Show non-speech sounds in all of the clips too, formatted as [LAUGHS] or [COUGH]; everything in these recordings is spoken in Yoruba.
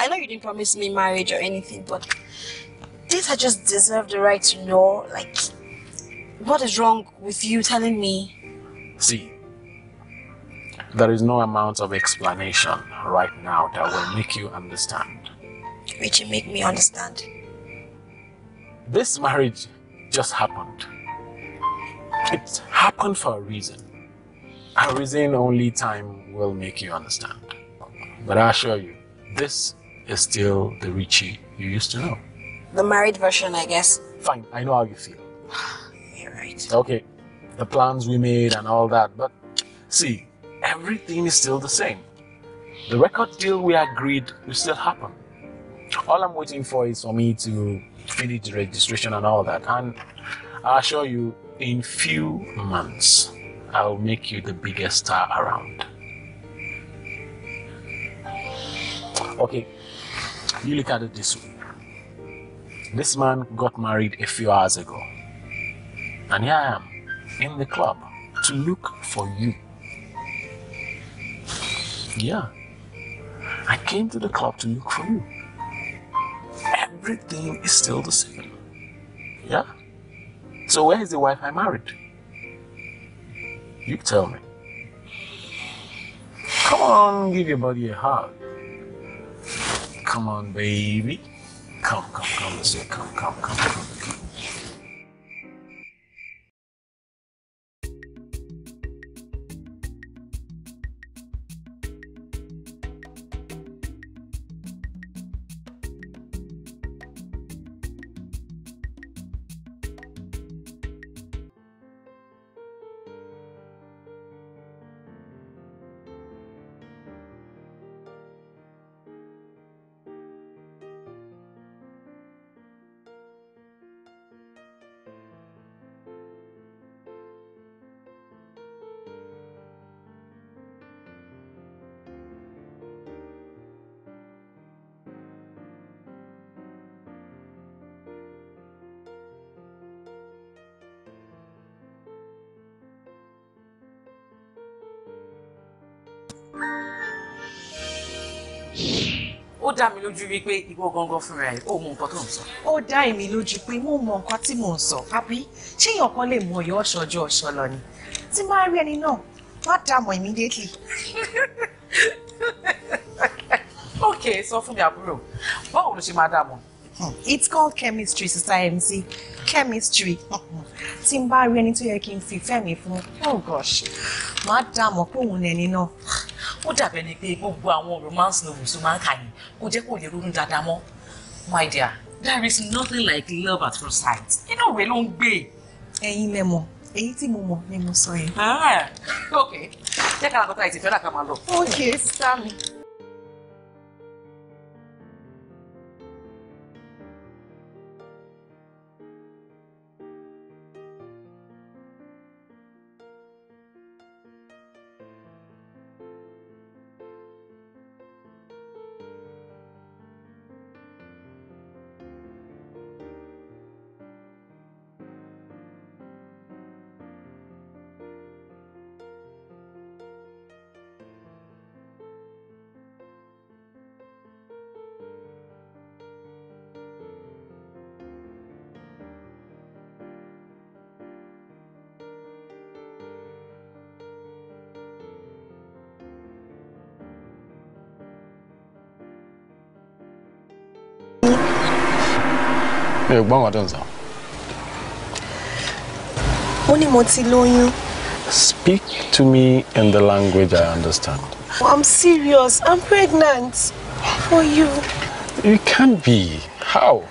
I know you didn't promise me marriage or anything, but did I just deserve the right to know? Like, what is wrong with you telling me? See, there is no amount of explanation right now that will make you understand. Which will make me understand. This marriage just happened. It happened for a reason. A reason only time will make you understand. But I assure you, this is still the Richie you used to know. The married version, I guess. Fine, I know how you feel. [SIGHS] You're right. Okay, the plans we made and all that, but see, everything is still the same. The record deal we agreed will still happen. All I'm waiting for is for me to finish the registration and all that, and I assure you, in few months, I'll make you the biggest star around. Okay, you look at it this way. This man got married a few hours ago. And here I am in the club to look for you. Yeah. I came to the club to look for you. Everything is still the same. Yeah? So where is the wife I married? You tell me. Come on, give your body a hug. Come on, baby. Come, come, come. Let's see. Come, come, come, come. dá mi lójú wípé ìwọ gangan fúnra ẹ̀ ó mọ nǹkan tó ń sọ. ó dá èmi lójú pé mo mọ nǹkan tí mò ń sọ àbí ṣéèyàn kan lè mọ ọyọ ọṣọjọ ọṣọ lọ ni tí máa rí ẹni náà wá dá mọ immediately. [LAUGHS] ok sọ fún mi àbúrò báwo ló ṣe máa dá hmm, it's called chemistry sister mc chemistry [LAUGHS] tí n bá rí ẹni tó yẹ kí n fi fẹ́ mi fún oh gosh máa dá mọ pé òun ẹni náà ó dàbẹ̀ ni pé gbogbo àwọn romance novels tó máa ń kà yín kò jẹ́ kó lè ronú dáadáa mọ́ my dear there is nothing like love at first sight inú ìwé ló ń gbé. ẹ̀yin lẹ mọ̀ èyí tí mo mọ̀ ni mo sọ yẹn. Ah, ok jẹ́ ká lọ́kọ́ ta ìtìfẹ́ làkà máa lọ. ok sísá mi ò gbọ́n ọ̀dọ́ nsà. ó ní mo ti lóyún. Speak to me in the language I understand. I'm serious. I'm pregnant for you. You can't be. How?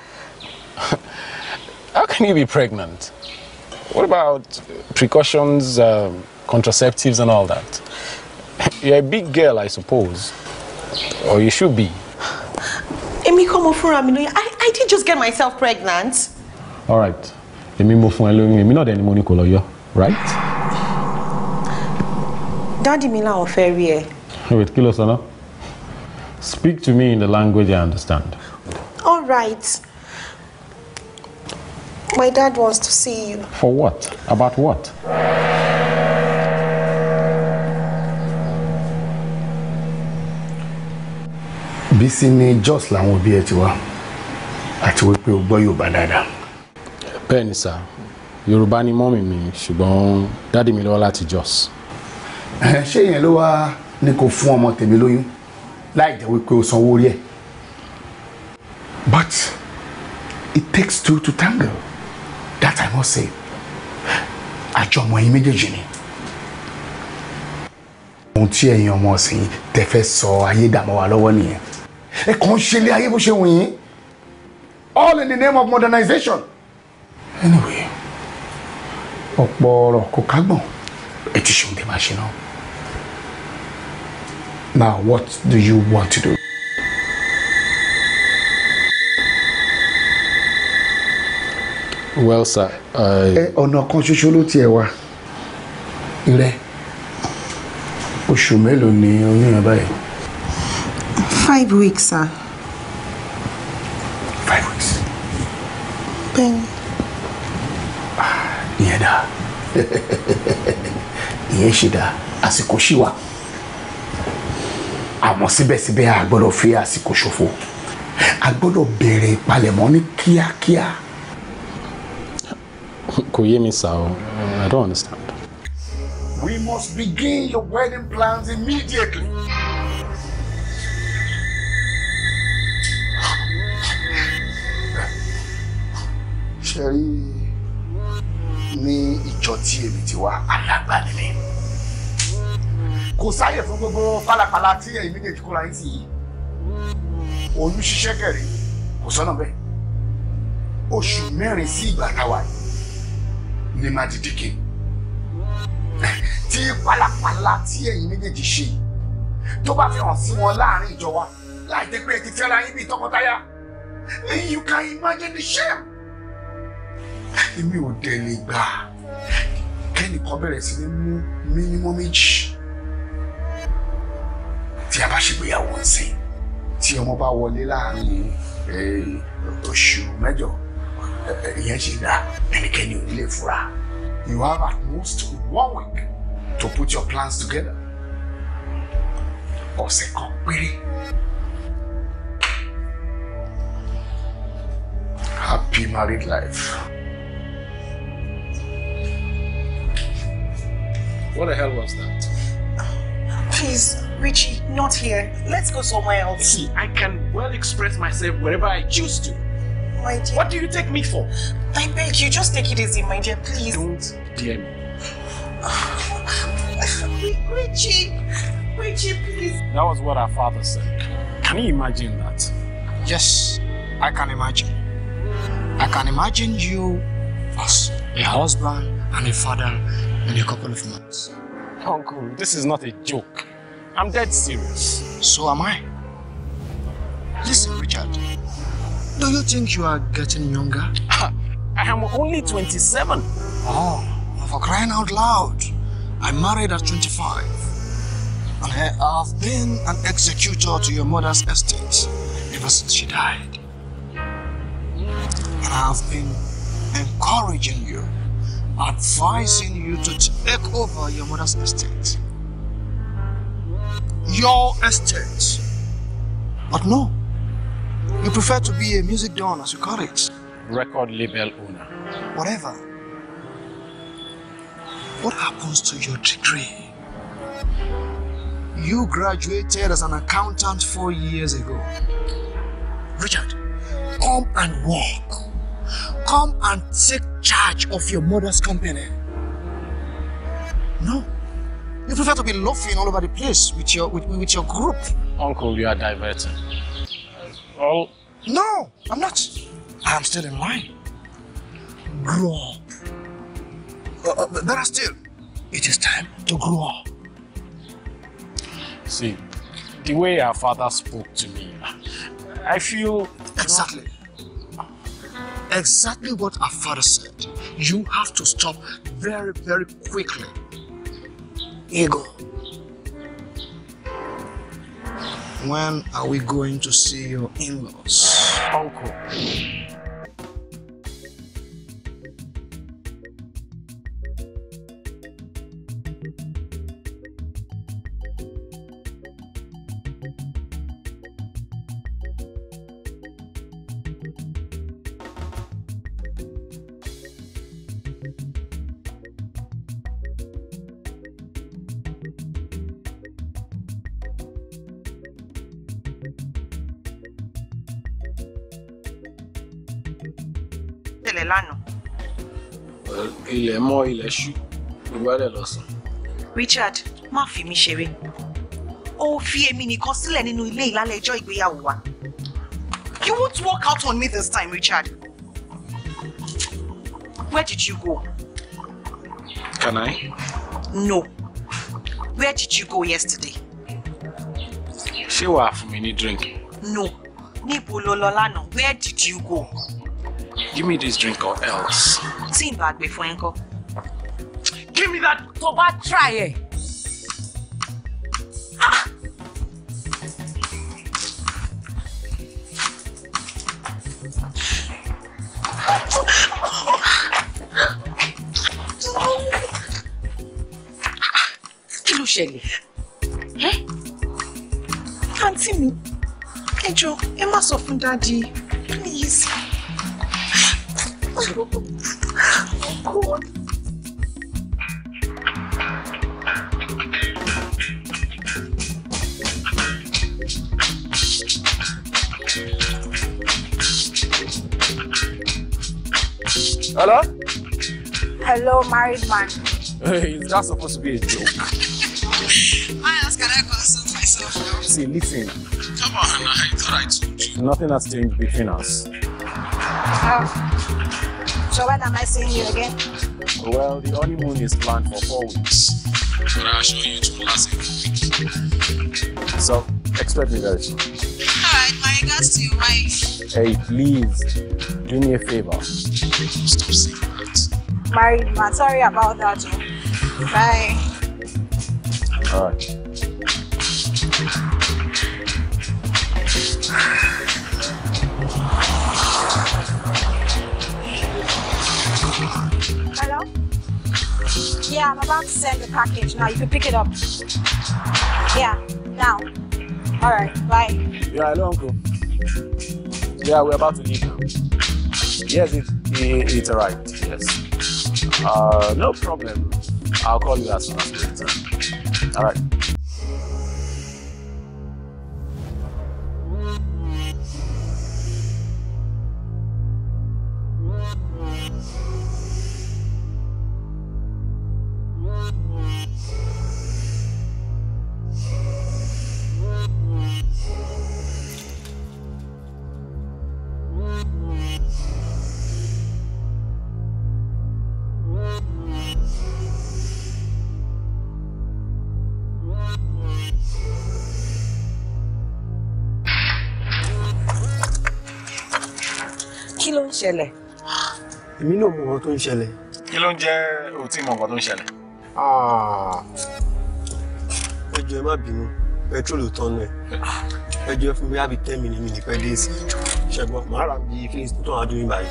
How can you be pregnant? What about precautions, um, contraceptives, and all that? You're a big girl, I suppose. Or you should be. Emi kọ́ mo fúnra mi lóyún. I me just get myself pregnant? All right. Èmi mo fún ẹ lóyún, èmi náà dẹ̀ ni mo ní kó right? Daddy mi làwọn fẹ́ rí ẹ. Wait, kí ló sọ náà? Speak to me in the language I understand. All right. My dad wants to see you. For what? About what? Bisi ni just làwọn òbí ẹ ti wá àti wípé o gbọ́ Yorùbá dáadáa. bẹ́ẹ̀ ni sà Yorùbá ni mọ́mì mi ṣùgbọ́n dáàdì mi ló wá láti Jos. ṣé ìyẹn ló wá ní kó fún ọmọ tèmi lóyún láì jẹ́ wípé o sanwó orí ẹ̀. but it takes two to tango that I must say àjọmọ yín méjèèjì ni ohun tí ẹ̀yin ọmọ ọ̀sìn tẹ fẹ́ sọ ayé dààmú wa lọ́wọ́ nìyẹn ẹ kàn ń ṣe ilé ayé bó ṣe wù yín all in the name of modernization. anyway ọ̀pọ̀ ọ̀rọ̀ kò kágbọ̀n ẹ ti ṣeun máa ṣe náà. now what do you want to do. well sir. ẹ ọ̀nà kan ṣoṣo ló tiẹ̀ wá rẹ oṣù mélòó ni oyún yẹn báyìí. five weeks sir. [LAUGHS] ìyẹn ṣe dáa àsìkò ṣì àmọ́ síbẹ̀síbẹ̀ a gbọ́dọ̀ fi àsìkò ṣòfò a gbọ́dọ̀ bẹ̀rẹ̀ ìpalẹ̀mọ́ ní kíákíá. kò yé mi sá o I don't understand. We must begin your wedding plans immediately. Sherry ní ìjọ tí èmi ti wá alàgbà ni mí kò sáyè fún gbogbo pálapàla tí ẹ̀yin méjèèjì kóra yín sí yìí oyún ṣiṣẹ́ kẹrì kò sọ́nà bẹ́ẹ̀ oṣù mẹ́rin sí ìgbà táwa ni máa di díkì tí pálapàla tí ẹ̀yin méjèèjì ṣe yìí tó bá fi hàn sí wọn láàrin ìjọ wa láì jẹ́ pé ẹ ti fẹ́ra yín bíi tọkọtaya you can imagine the shame èmi ò dẹ̀ lè gbà kẹ́nìkan bẹ̀rẹ̀ sí ní mú mínímọ́ méjì tí a bá ṣègbéyàwó ǹsìn tí ọmọ bá wọlé láàrin oṣù mẹ́jọ ìyẹn ṣe dá ẹnikẹ́ni ò nílé fura you have at most one week to put your plans together ọ̀sẹ̀ kan péré. Happy married life. What the hell was that? Please, Richie, not here. Let's go somewhere else. See, I can well express myself wherever I choose to. My dear. What do you take me for? I beg you, just take it easy, my dear, please. Don't dear me. [SIGHS] Richie, Richie, please. That was what our father said. Can you imagine that? Yes, I can imagine. I can imagine you as a husband and a father in a couple of months. Uncle, this is not a joke. I'm dead serious. So am I. Listen, Richard. Do you think you are getting younger? [LAUGHS] I am only 27. Oh, for crying out loud. I married at 25. And I have been an executor to your mother's estate ever since she died. And I have been encouraging you advising you to take over your mother's estate. Your estate. But no, you prefer to be a music don, as you call it. Record label owner. Whatever. What happens to your degree? You graduated as an accountant four years ago. Richard, come and walk. come and take charge of your mother's company. No. You prefer to be loafing all over the place with your with, with your group. Uncle, you are diverted. All? No, I'm not. I am still in line. Grow up. Uh, uh, there are still. It is time to grow up. See, the way our father spoke to me, I feel... Exactly exactly what our father said. You have to stop very, very quickly. Ego. When are we going to see your in-laws? Uncle. ilẹ̀ mọ́ ilẹ̀ ṣú gbogbo ẹ̀rẹ̀ lọ́sàn. Richard má fi mi ṣeré ó fi èmi nìkan sílẹ̀ nínú ilé ìlálẹ́ ẹjọ́ ìgbéyàwó wa you won't work out on me this time Richard where did you go. Can I? No. Where did you go yesterday? Ṣé wàá fún mi ní drink? No. Níbo lo lọ lánàá? Where did you go? Give me this drink or else. Tí ìbá gbé fún ẹ ńkọ́ give me that. tó bá try ẹ. Eh? Ah! kí ló ṣẹlẹ̀ ẹ́ àǹtí mi ẹ jọ̀ọ́ ẹ má sọ fún dáàdi please. Oh, God. Hello? Hello, married man. Hey, is that supposed to be a joke? Why else can I console myself now? See, listen. Come on, I thought I told you. Nothing has changed between us. Oh. So when am I seeing you again? Well, the honeymoon is planned for four weeks. But I'll show you to last week. So, expect me very soon. Alright, my regards to your wife. Hey, please, do me a favor reasons Stop saying that. Married man, sorry about that. Bye. All right. Hello? Yeah, I'm about to send the package now. You can pick it up. Yeah, now. All right, bye. Yeah, hello, uncle. Yeah, we're about to leave now. Yes, it's it's all right, yes. Uh, no problem. I'll call you as soon as later. All right. tó ń ṣẹlẹ̀. kí ló ń jẹ́ o tí mọ nǹkan tó ń ṣẹlẹ̀. Ah. ẹ jọ̀ọ́ ẹ má bínú pẹtrólù tán nù ẹ ẹ jọ̀ọ́ ẹ fún mi àbí ten minutes mi ní pẹ́ dé sí ṣẹ̀gbọ́n màá rà bí fílíìsì tó tàn á báyìí.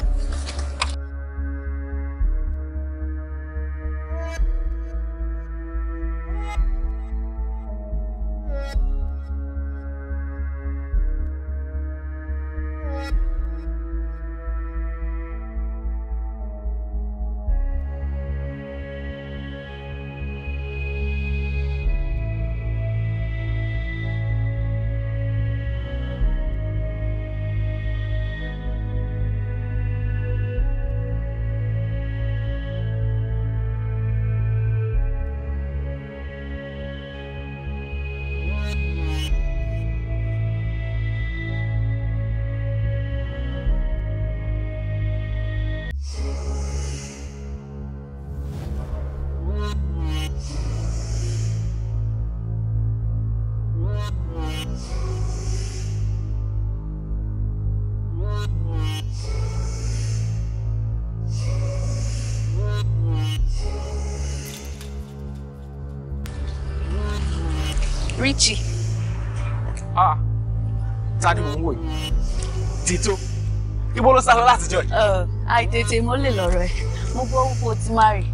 sá lọ láti jọ yìí. àìtètè mo lè lọ̀rọ̀ ẹ̀ mo gbọ́ wípé o ti má rí.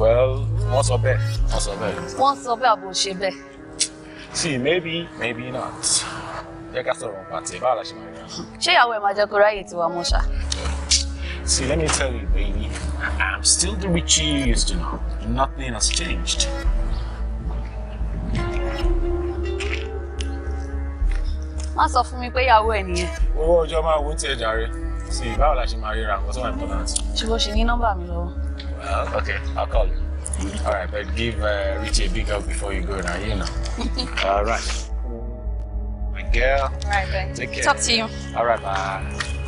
well wọ́n sọ bẹ́ẹ̀ wọ́n sọ bẹ́ẹ̀. wọ́n sọ bẹ́ẹ̀ àbò ṣe bẹ́ẹ̀. see maybe maybe not jẹ́ ká sọ̀rọ̀ nípa tiẹ̀ báwo la ṣe máa rí wọn. ṣé ìyàwó ẹ̀ máa jẹ́ kó ráyè tiwa mọ́ ṣá. see let me tell you baby i'm still the Richie you used to know nothing has changed. má sọ fún mi pé ìyàwó ẹ nìyẹn. owó ọjọ́ máa wú tiẹ̀ jàre sí i báwo la ṣe máa ríra nǹkan tó wà important. ṣùgbọ́n ṣì ní nọ́mbà mi lọ́wọ́. well okay i'll call you. all right but give uh, Richie a big hug before you go na you know. [LAUGHS] all right. my girl. all right then. take care. talk to you. all right bye.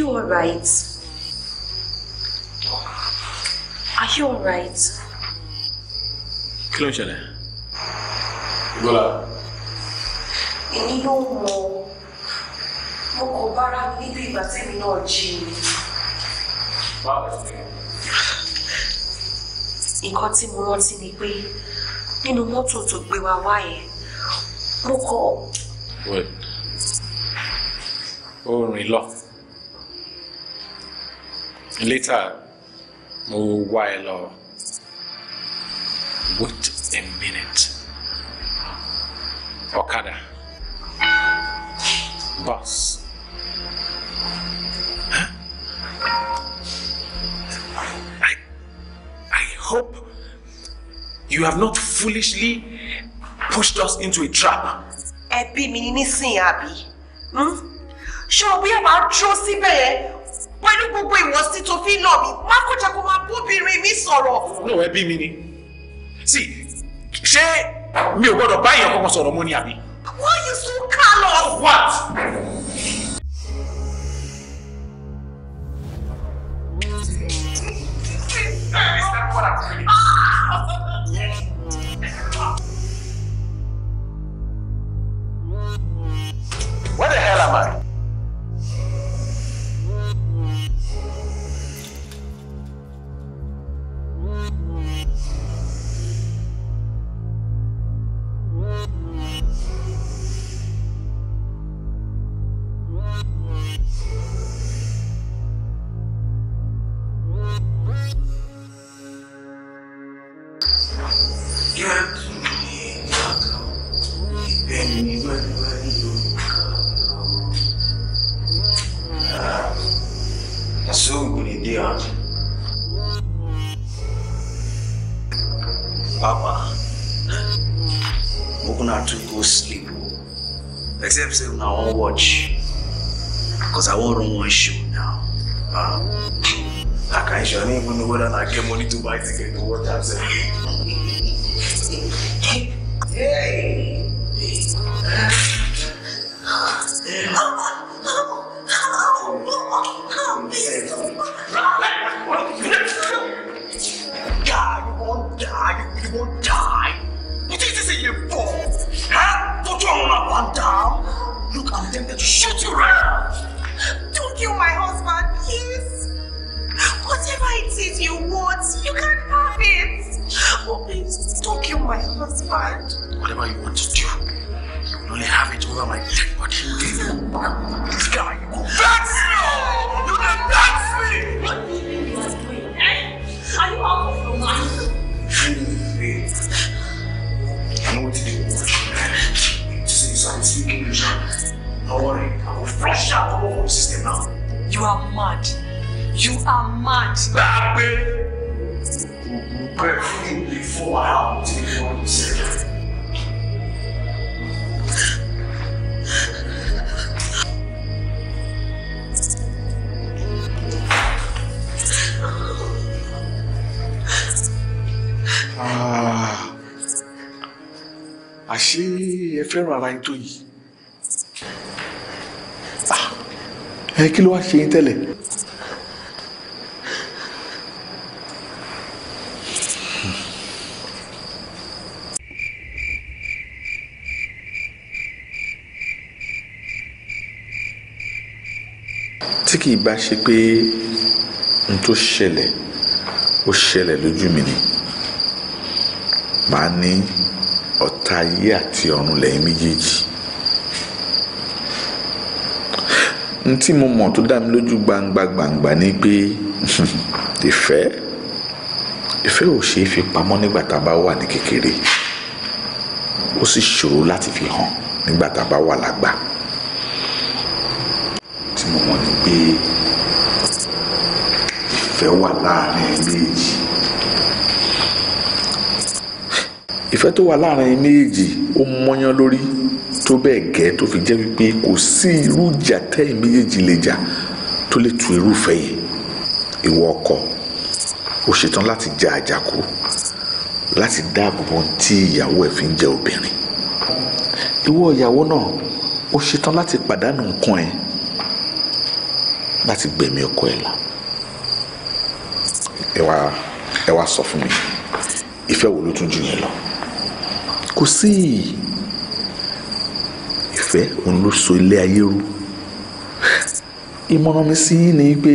you alright? Are you alright? Kí ló ń ṣẹlẹ̀? Bọ́lá. Èmi ló mọ mo kò bára mi níbi ìgbà tẹ́mi náà jí ni. Nǹkan tí mo rántí ni pé nínú mọ́tò tó gbé wa wá yẹn, mo kọ. Ó rìn lọ later mo wá ẹ lọ wait a minute ọ̀kadà bus huh? I, I hope you have not foolishly pushed us into a trap. ẹbí mi ní nísìnyí àbí hmm? ṣé o bí ẹ máa dúró síbẹ̀ yẹn pẹ̀lú gbogbo ìwọ̀sí tó fi nà mí má kọjá kó máa bóbìnrin mi sọ̀rọ̀. no ẹbí mi ni sí ṣé mi ò gbọ́dọ̀ bá èèyàn kankan sọ̀rọ̀ mọ́ ni àbí. why you so callous. what. Papa, Moku na to go sleep. Except say na I watch. Because I won't watch show now. Um, aka can't even know whether I get money to ticket to what I'm kí ló wá ṣe yín tẹ́lẹ̀. tí kì í bá ṣe pé n tó ṣẹlẹ̀ ó ṣẹlẹ̀ lójú mi ni màá ní ọ̀tá ayé àti ọ̀run lẹ́yìn méjèèjì. n tí mo mọ̀ tó dá mi lójú gbangba gbangba ni pé [LAUGHS] ìfẹ́ ìfẹ́ ò ṣeé fi pamọ́ nígbà tá a bá wà ní kékeré ó sì ṣòro láti fi hàn nígbà tá a bá wà lágbà tí mo mọ̀ ni pé ìfẹ́ wà láàrin méjì ìfẹ́ tó wà láàrin méjì ó mọ́yán lórí tó bẹ́ẹ̀ gẹ́ tó fi jẹ́ wípé kò sí irú ìjà tẹ́yìn méjèèjì lè jà tó lè tu irúfẹ́ yìí ìwọ ọkọ ó ṣetán láti ja àjàkú láti dáàbò bo tí ìyàwó ẹ̀ fi ń jẹ obìnrin ìwọ ìyàwó náà o ṣetán láti pàdánù nǹkan ẹ̀ láti gbẹ̀mí ọkọ ẹ̀ là ẹ wá ẹ wá sọ fún mi ìfẹ́ wo ló tún jù yẹn lọ kò sí i ìfẹ́ òun ló so ilé ayé rú ìmọ̀ràn mi sí ni pé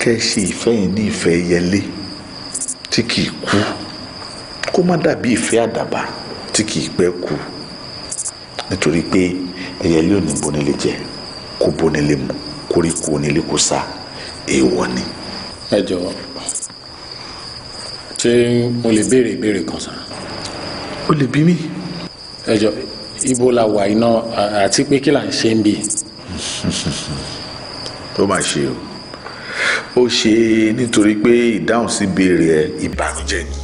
kẹ́ ẹ ṣe ìfẹ́ yìí ní ìfẹ́ yẹlé tí kì í kú kó má dàbí ìfẹ́ àdàbà tí kì í pẹ́ kú nítorí pé ẹyẹlé ò ní bonilé jẹ kó bonilé mu koríko onílé kó sá èèwọ̀ ni. ẹ jọ̀wọ́ ṣé mo lè béèrè ìbéèrè kan sá. o lè bí mi. ẹ jọ̀ọ́ ibola la wà iná àti pé kí là ń ṣe ń bì. ó mà ṣe o ó ṣe nítorí pé ìdáhùn sí ìbéèrè ẹ ìbànújẹ́ ni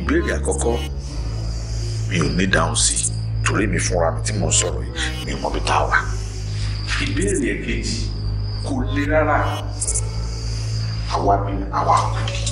ìbéèrè àkọ́kọ́ mi ò ní dáhùn sí torí mi fúnra mi tí mo sọ̀rọ̀ yìí mi ò mọ̀ bí tá a wà. ìbéèrè ẹ̀kejì kò le rárá àwa bí àwa kò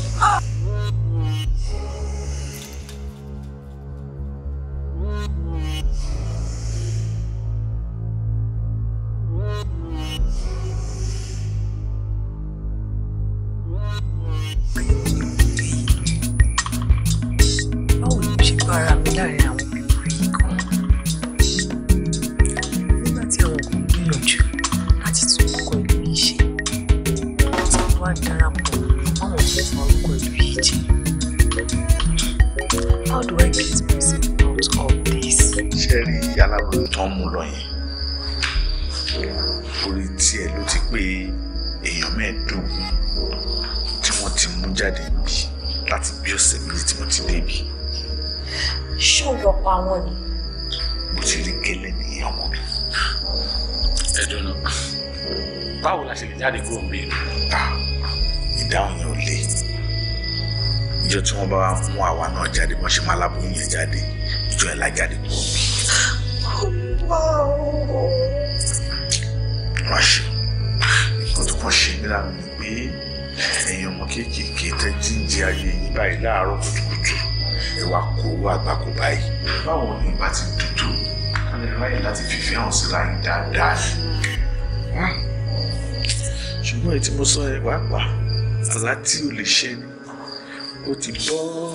ó ti bọ́.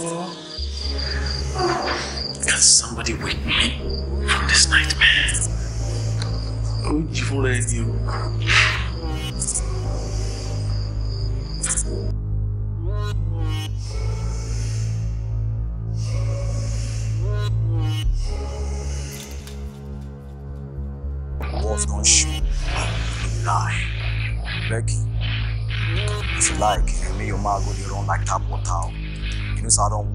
I don't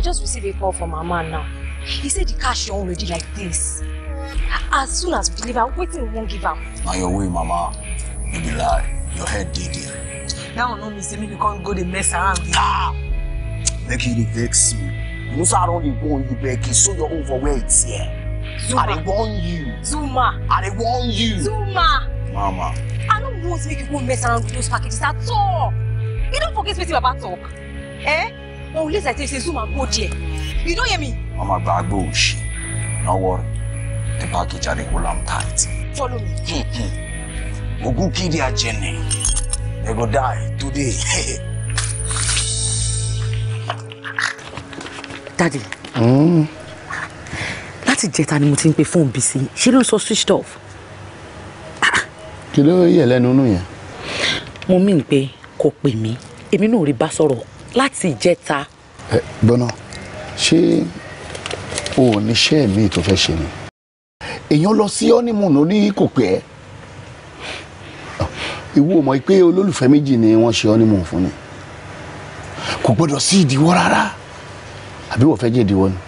I just received a call from my man now. He said the cash is already like this. As soon as we deliver, wetin we won't give up. Na your way, Mama. You be lie. Your head dey there. Now no me say you can't go dey mess around Ah! Make you dey vex me. You know say I don dey warn you, Becky. So you're overweight here. Zuma. I warn you. Zuma. I warn you. Zuma. Mama. I no want make you go mess around with those packages at all. You don't forget wetin Baba talk. Eh? Well, at least I take Zoom and go there. You don't hear me? I'm a bad bush. No worry. The package are equal and tight. Follow me. Hmm, hmm. Ogu kill their journey. They go die today. [LAUGHS] Daddy. Mm. Láti jẹta ni mo ti ń pe fóònù Bísí. Ṣé ló sọ switched off? Kí ló yẹ lẹ́nu nù yẹn? Mo mí pé kò pè mí, èmi náà rí bá sọ̀rọ̀ láti ìjẹta. ẹ gbọ́nà ṣé o ò níṣẹ́ mi tó fẹ́ ṣe ni èèyàn lọ sí ọ́nìmùn ní kò pẹ́ ìwọ mọ̀ pé olólùfẹ́ méjì ni wọ́n ṣe ọ́nìmùn fún ni kò gbọ́dọ̀ sí ìdíwọ́ rárá àbí wọ́n fẹ́ jẹ́ ìdíwọ́ ni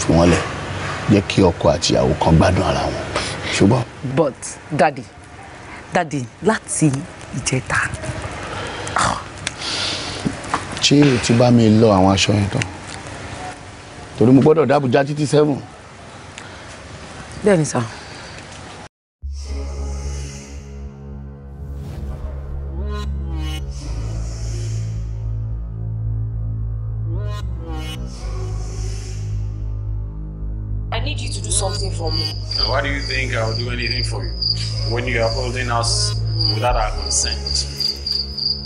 fi wọ́n lẹ̀ jẹ́ kí ọkọ àti ìyàwó kan gbádùn ara wọn ṣùgbọ́n. but daddy daddy láti ìjẹta ṣé o bá mi lọ àwọn aṣọ yẹn tán torí mo gbọ́dọ̀ dábùjá títí sẹ́wọ̀n. bẹ́ẹ̀ ni I need you to do something for me. why do you think I will do anything for you when you are holding us without our consent?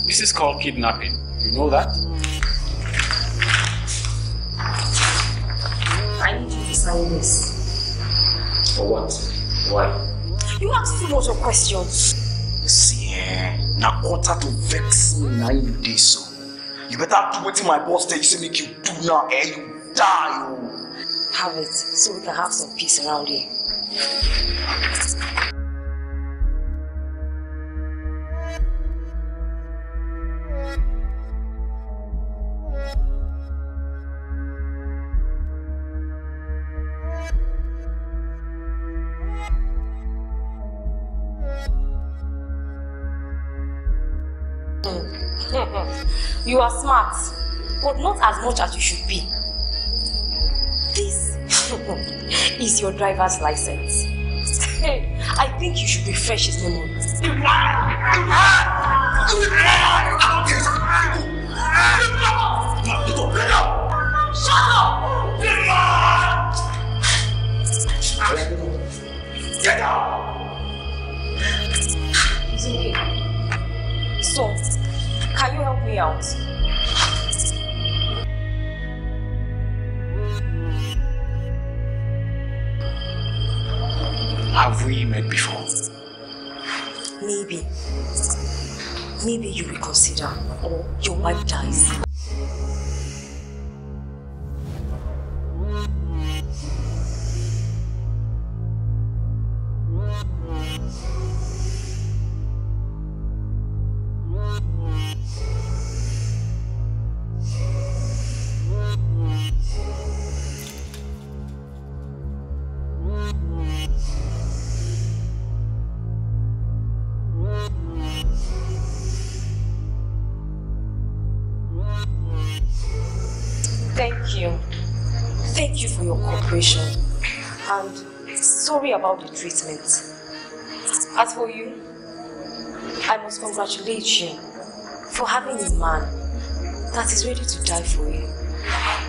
This is called kidnapping. You know that? I need you to sign this. For what? Why? You ask too much of questions. See, eh, na quarter to vex me like you so. You better do wetin my boss tell you see make you do now, eh? You die, oh. Have it, so we can have some peace around here. You are smart, but not as much as you should be. This is your driver's license. I think you should refresh his memory. Shut up! Get out! It's okay. Can you help me out? Have we met before? Maybe. Maybe you reconsider or your wife dies. Thank you. about the treatment. As for you, I must congratulate you for having a man that is ready to die for you.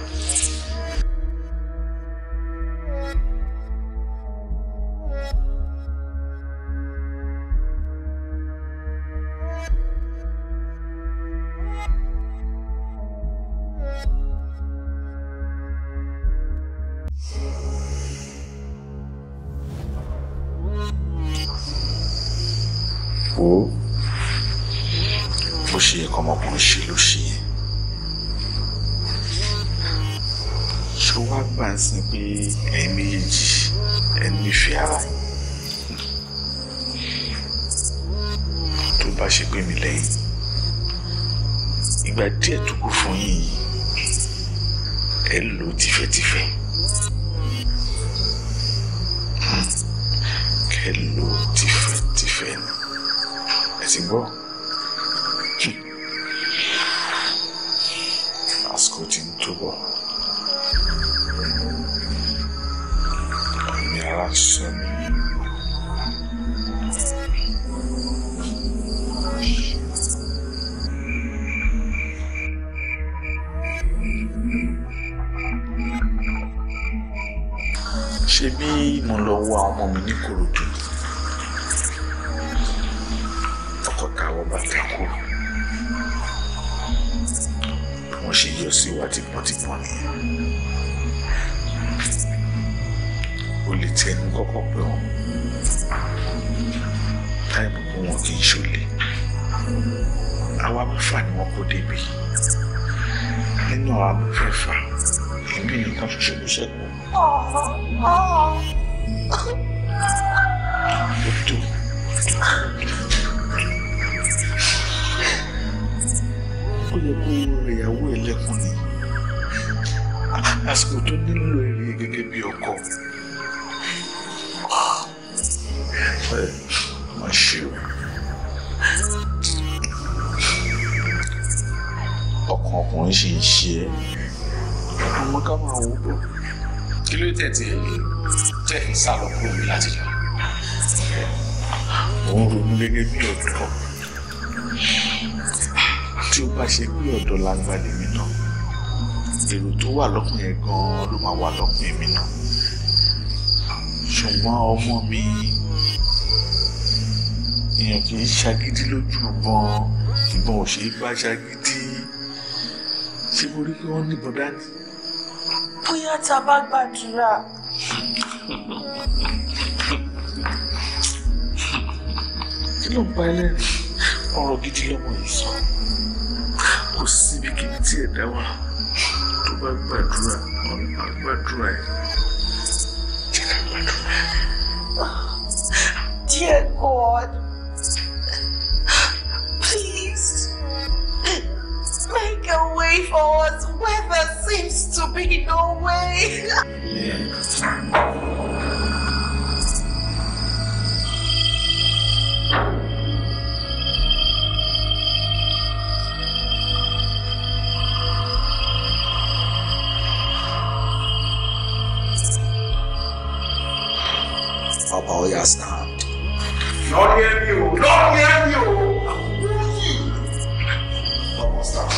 lọ́kàn yẹn gan-an ló máa wà lọ́kàn èmi náà ṣùgbọ́n ọmọ mi èèyàn kì í ṣagídí lójú ìbọn ìbọn ò ṣe é bá ṣagídí ṣé mo rí pé wọ́n ní ìbọn dání. bóyá tá a bá gbàdúrà. kí ló ń ba ẹ lẹ́rìn ọ̀rọ̀ gidi lọ́mọ yìí sọ kò síbi kìí tí ẹ̀ dá wà. Oh, dear God, please make a way for us where there seems to be no way. [LAUGHS] fapá ọ̀yà sàn. lọ́ọ̀dì ẹ̀mí o lọ́ọ̀dì ẹ̀mí o àkókò yìí lọ́kọ̀ sàn.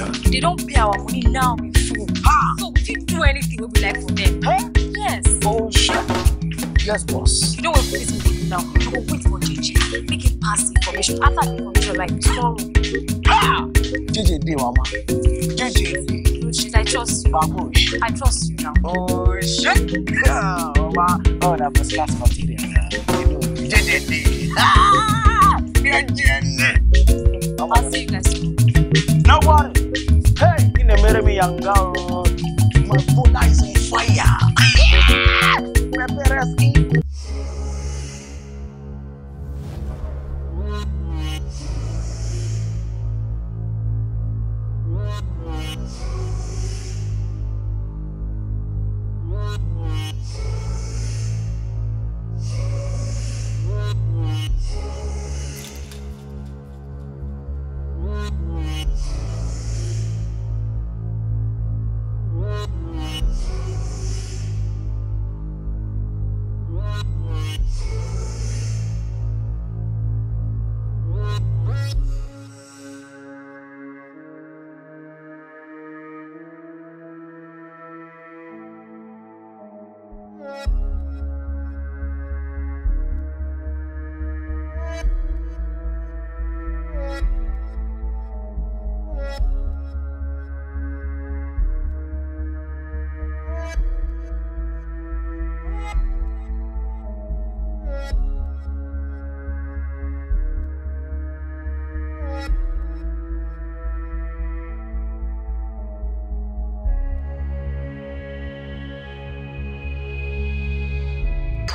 God. they don't pay our money now, we fool. Ah. So if you do anything, we'll be like for them. Huh? Yes. Oh, shit. Yes, boss. You know what police will do now? You will wait for JJ. Make him pass information. After the information, like, tomorrow. Ah! JJ, be mama. JJ. Oh, shit, I trust you. Babush. Oh, I trust you now. Oh, shit. mama. Oh, that was class material. You know, JJ, be. Ah! JJ, dey. I'll see you next week. No worries young girl. My phone is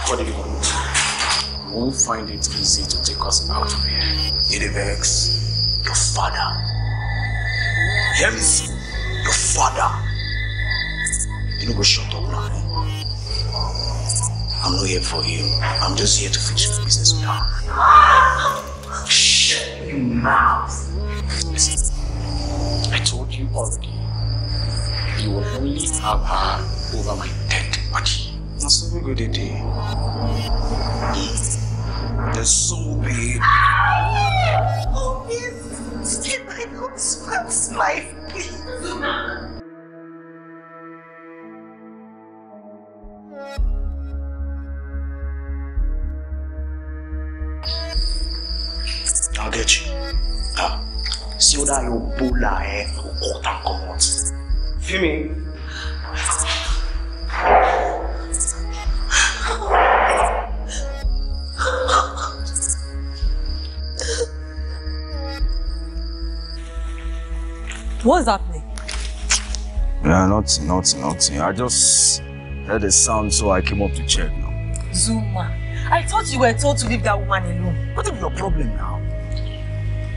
What do you want? You won't find it easy to take us out of here. Idivex, your father. Hems, your father. You don't go shut up now. Eh? I'm not here for you. I'm just here to finish my business with her. Shh, you mouth. Listen, I told you already. You will only have her over my the That's so big. Oh, yes. Step my nose life, please. I'll get you. Ah, see whether your pull eh, will cut and come on, Feel me? What's happening? Yeah, nothing, nothing, nothing. I just heard a sound, so I came up to check now. Zuma, I thought you were told to leave that woman alone. What is your problem now?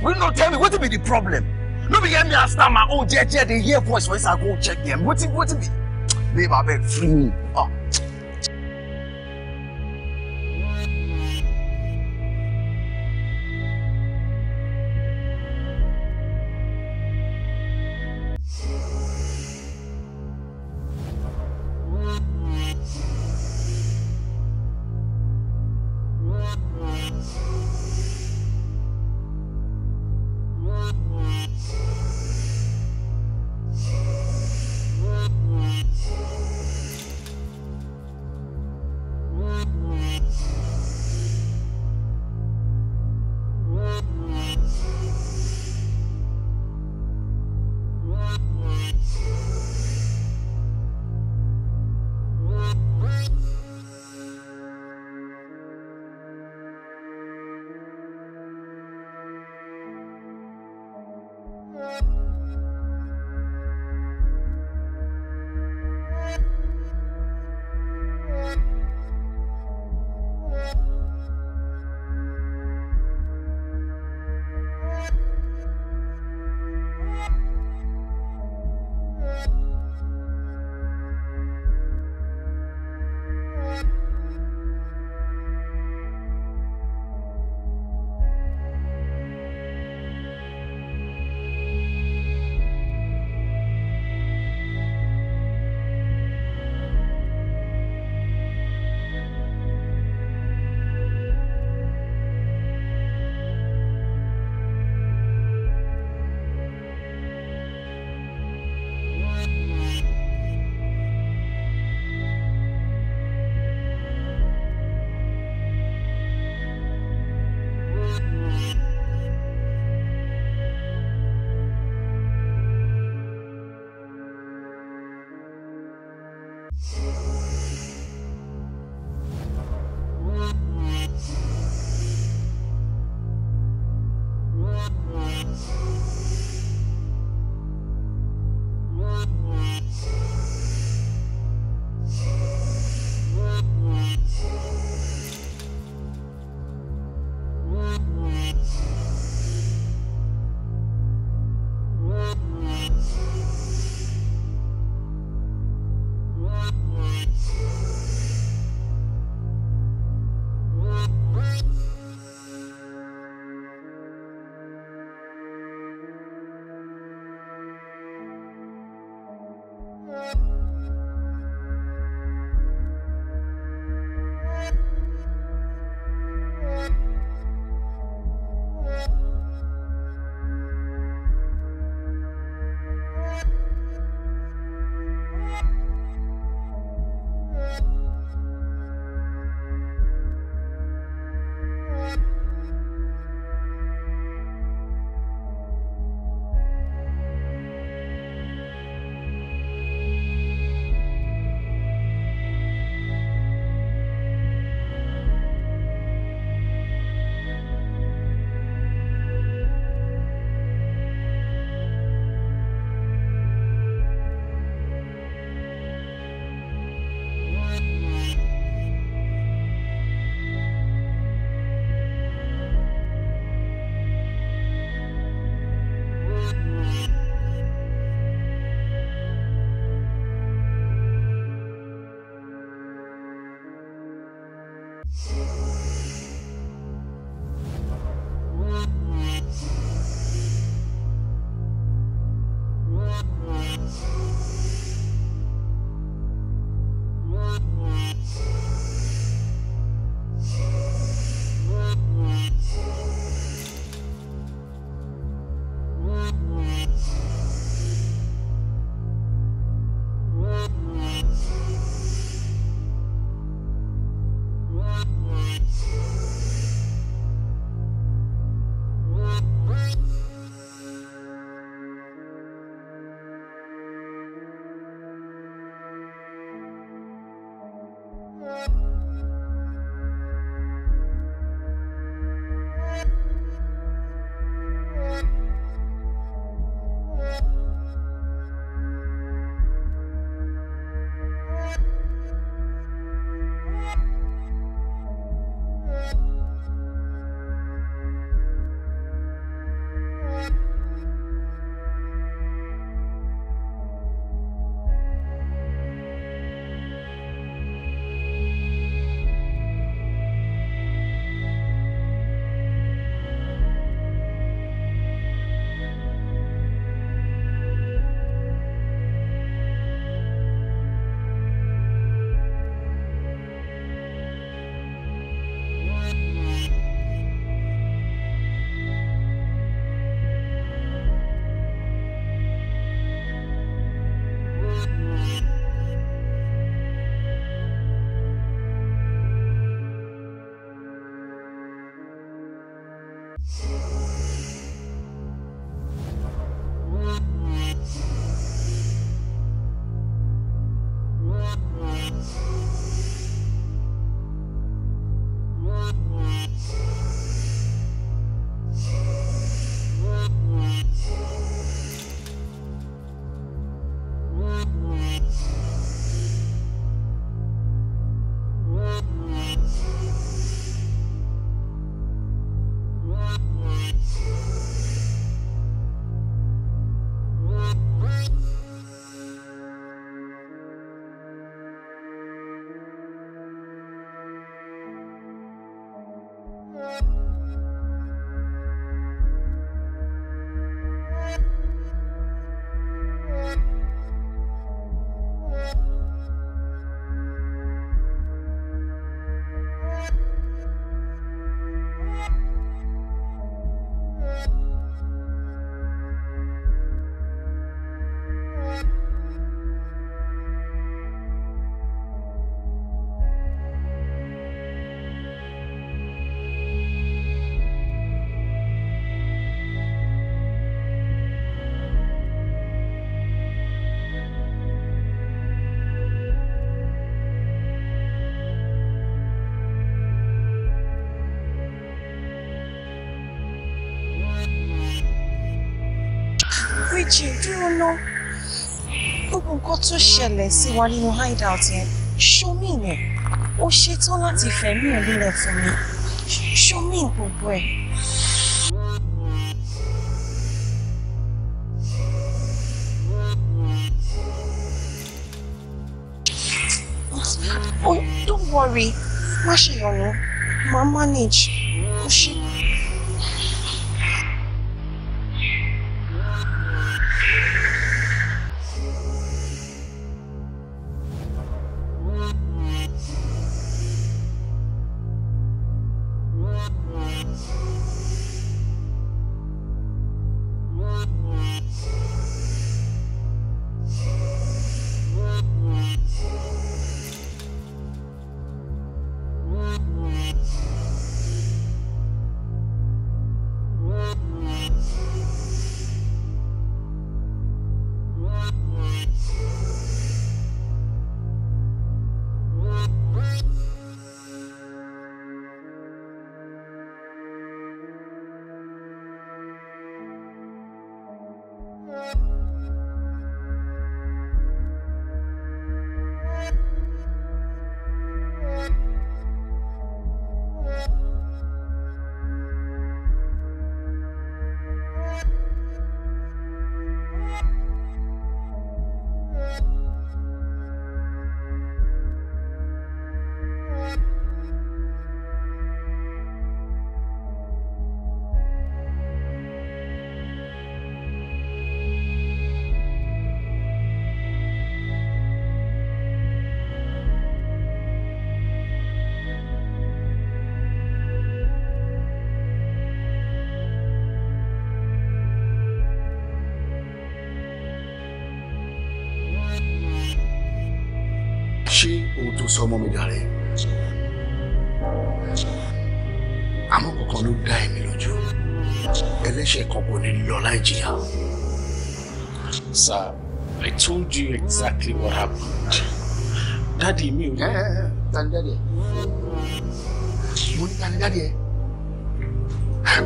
Will you not tell me what will be the problem? No be hear me as now my own jeje They hear voice Voice. I go check them. What will be? if babe abeg free me? Ah. Deji dúró ná gbogbo nǹkan tó ṣẹlẹ̀ sí wa nínú hideout yẹn ṣómìn ẹ̀ ó ṣetán láti fẹ̀mí ẹ̀ lélẹ̀ fún mi ṣómìn gbogbo ẹ̀. Oh, don't worry, má you. yọnu, má manage, ó ṣe. sir. I told you exactly what happened. Daddy, mi ò rí. Eh, eh, eh, tani daddy ẹ̀? Mo ní tani daddy ẹ̀?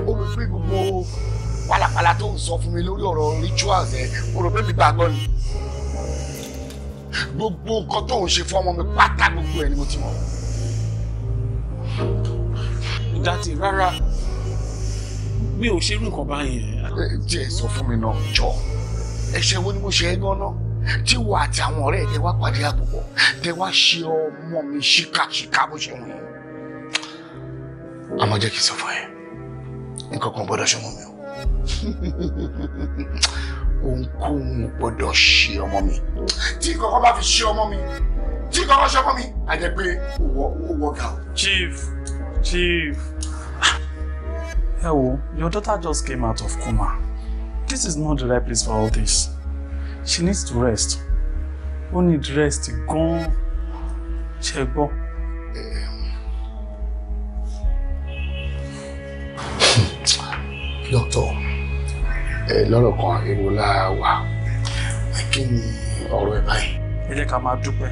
Ó lọ pé gbogbo pálapàla tó ń sọ fún mi lórí ọ̀rọ̀ rituals ẹ̀, ó rò pé mi gbàgbọ́ ni. Gbogbo nǹkan tó ń ṣe fún ọmọ mi pátá gbogbo ẹ̀ ni mo ti mọ̀. Dati rárá, mi ò ṣerú nǹkan báyẹn. Díẹ̀ sọ fún mi náà jọ ẹ̀ṣẹ̀ wo ni mo ṣe é gánná tí wọ́n àti àwọn ọ̀rẹ́ ẹ̀ wá pàdé àpòpọ̀ tẹ wá ṣe ọmọ mi ṣíkàṣíkà bó ṣe wọ̀nyí. àmọ́ jẹ́ kí n sọ fún ẹ nǹkan kan gbọ́dọ̀ ṣe ọmọ mi o [LAUGHS] ohunkóhun gbọ́dọ̀ ṣe ọmọ mi tí kọ́kọ́ bá fi ṣe ọmọ mi tí kọ́kọ́ ṣe ọmọ mi a jẹ́ pé ó wọ ga o. chief chief [SIGHS] ẹ wo your daughter just came out of coma. This is not the right place for all this. She needs to rest. Ó need rest gan-an. Ṣé gbọ́? Doctor, ẹ lọ́rọ̀ kan èrò lára wa. Kí ni ọ̀rọ̀ ẹ báyìí? Ẹ jẹ́ ká máa dúpẹ́.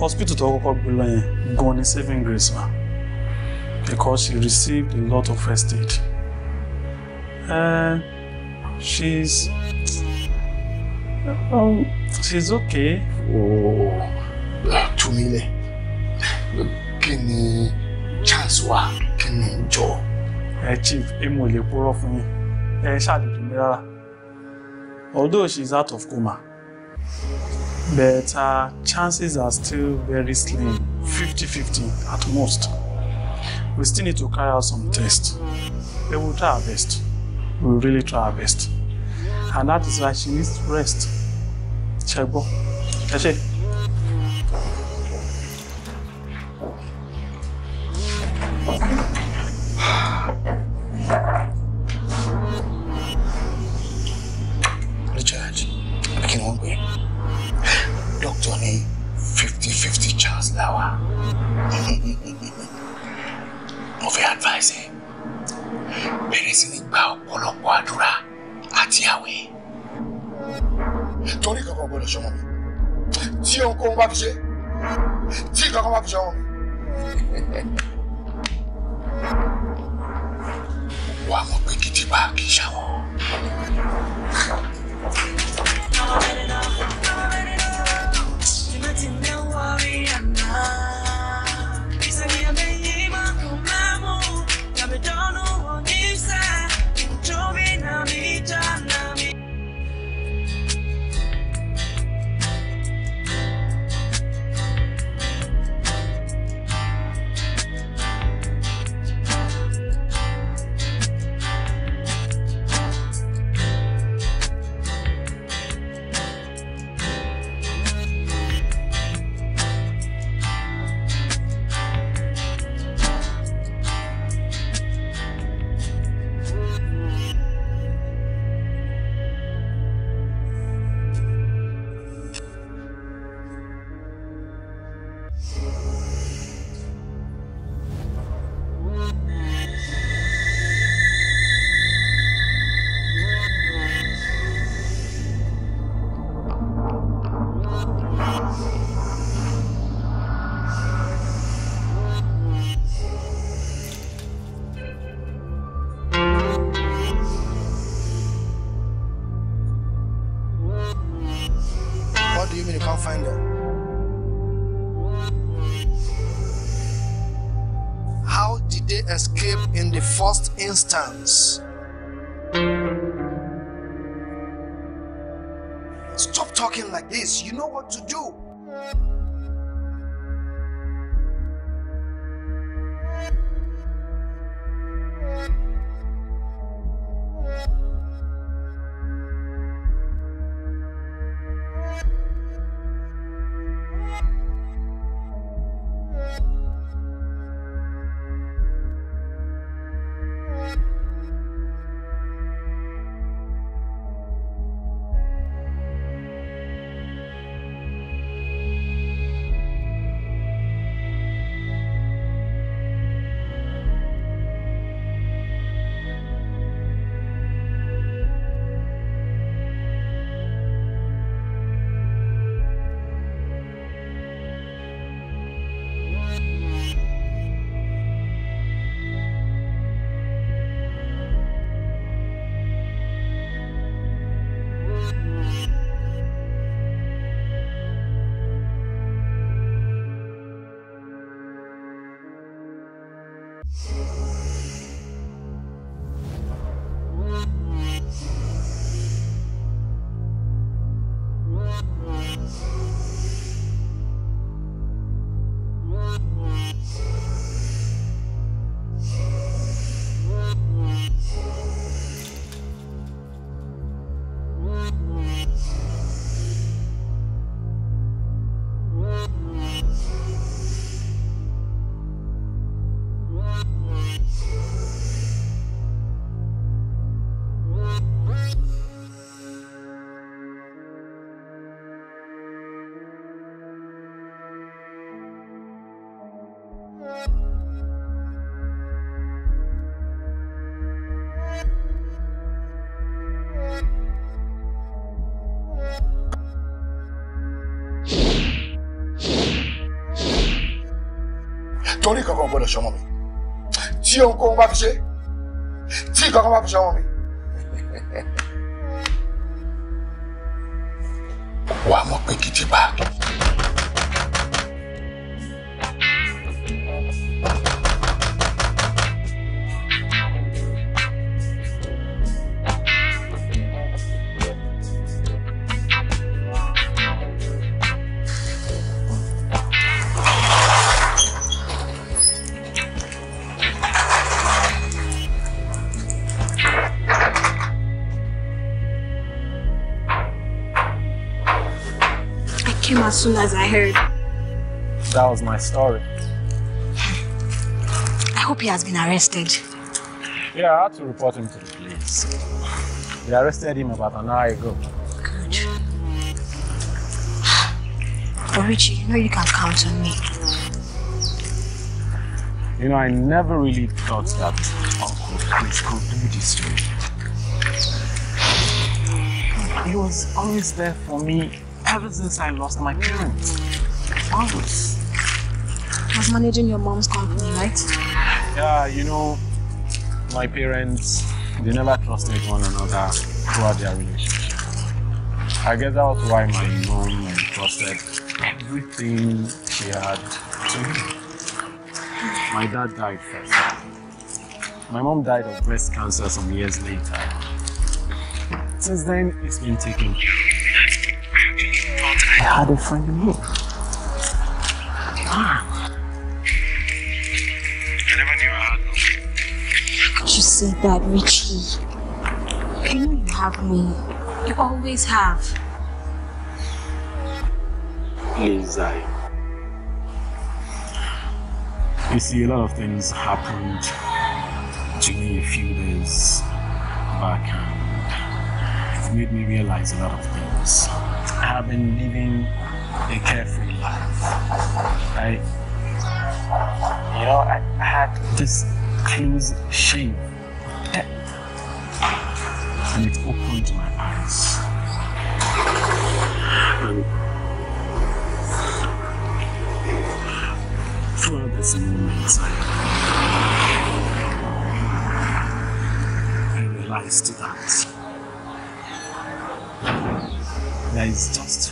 Hospital tó kọ́kọ́ gbé lọ yẹn gan ni saving grace ma, Because she received a lot of first aid. Uh, She's. Um, she's okay. Oh, Tumile. Kí ni chance wa? Kí ni jọ? Ẹ Chief, èmi ò poor of me. yín. Ẹ ṣàlùkù mi rárá. Although she's out of coma, but her chances are still very slim, 50-50 at most. We still need to carry out some tests. We will try our best. we will really try our best. And that is why she needs rest. Chegbo. Cheche. Stop talking like this. You know what to torí kankan gbọ́dọ̀ ṣọmọ mi tí ohunkóhun bá fi ṣe tí kankan bá fi ṣọmọ mi. wàá mọ̀ pé gidi bá soon as I heard. That was my story. I hope he has been arrested. Yeah, I had to report him to the police. They arrested him about an hour ago. Good. [SIGHS] But Richie, you know you can count on me. You know, I never really thought that Uncle Chris could do this to me. He was always there for me ever since I lost my parents. I was managing your mom's company, right? Yeah, you know, my parents, they never trusted one another throughout their relationship. I guess that was why my mom trusted everything she had to me. My dad died first. My mom died of breast cancer some years later. Since then, it's been taking how they find the you. Ah. I never knew I had them. You say that, Richie. You know you have me. You always have. Please, I. You see, a lot of things happened to me a few days back, and it made me realize a lot of things. I have been living a carefree life. I, you know, I, had this close shave, and it opened my eyes. And throughout this moment, I, I realized that there is just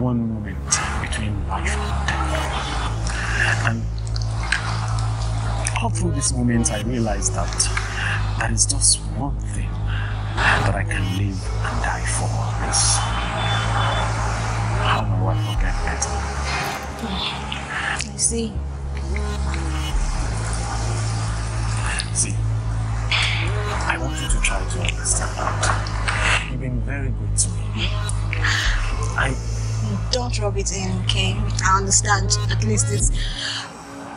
one moment between life and death. And all through this moment, I realized that there is just one thing that I can live and die for. Yes. How my wife will get better. I see. See, I want you to try to understand that. You've been very good to me. I. Don't rub it in, okay? I understand. At least it's.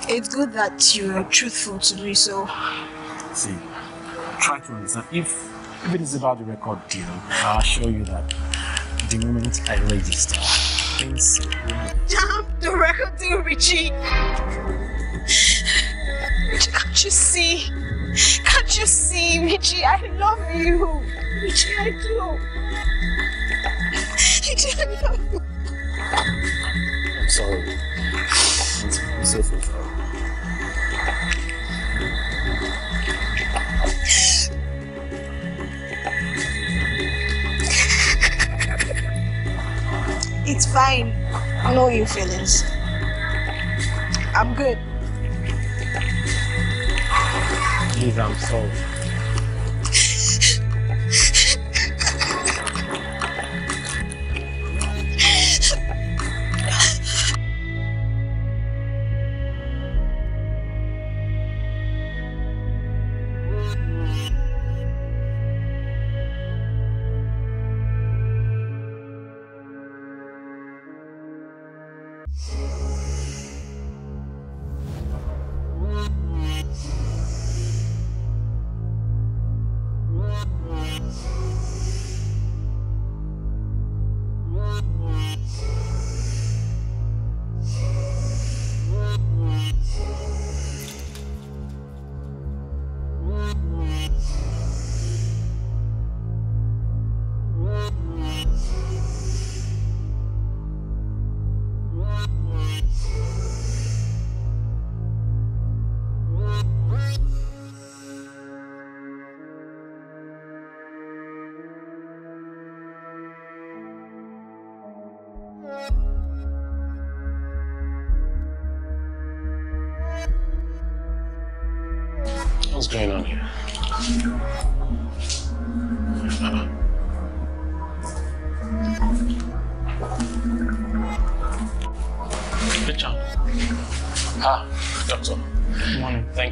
It's good that you're truthful to me, so. See, try to understand. If if it's about the record deal, I'll show you that the moment I register, things Damn, the record deal, Richie! Can't you see? Can't you see, Richie? I love you! Richie, I do! I'm sorry. It's Pacific. It's fine. No your feelings. I'm good. Please, I'm sorry. Mm-hmm.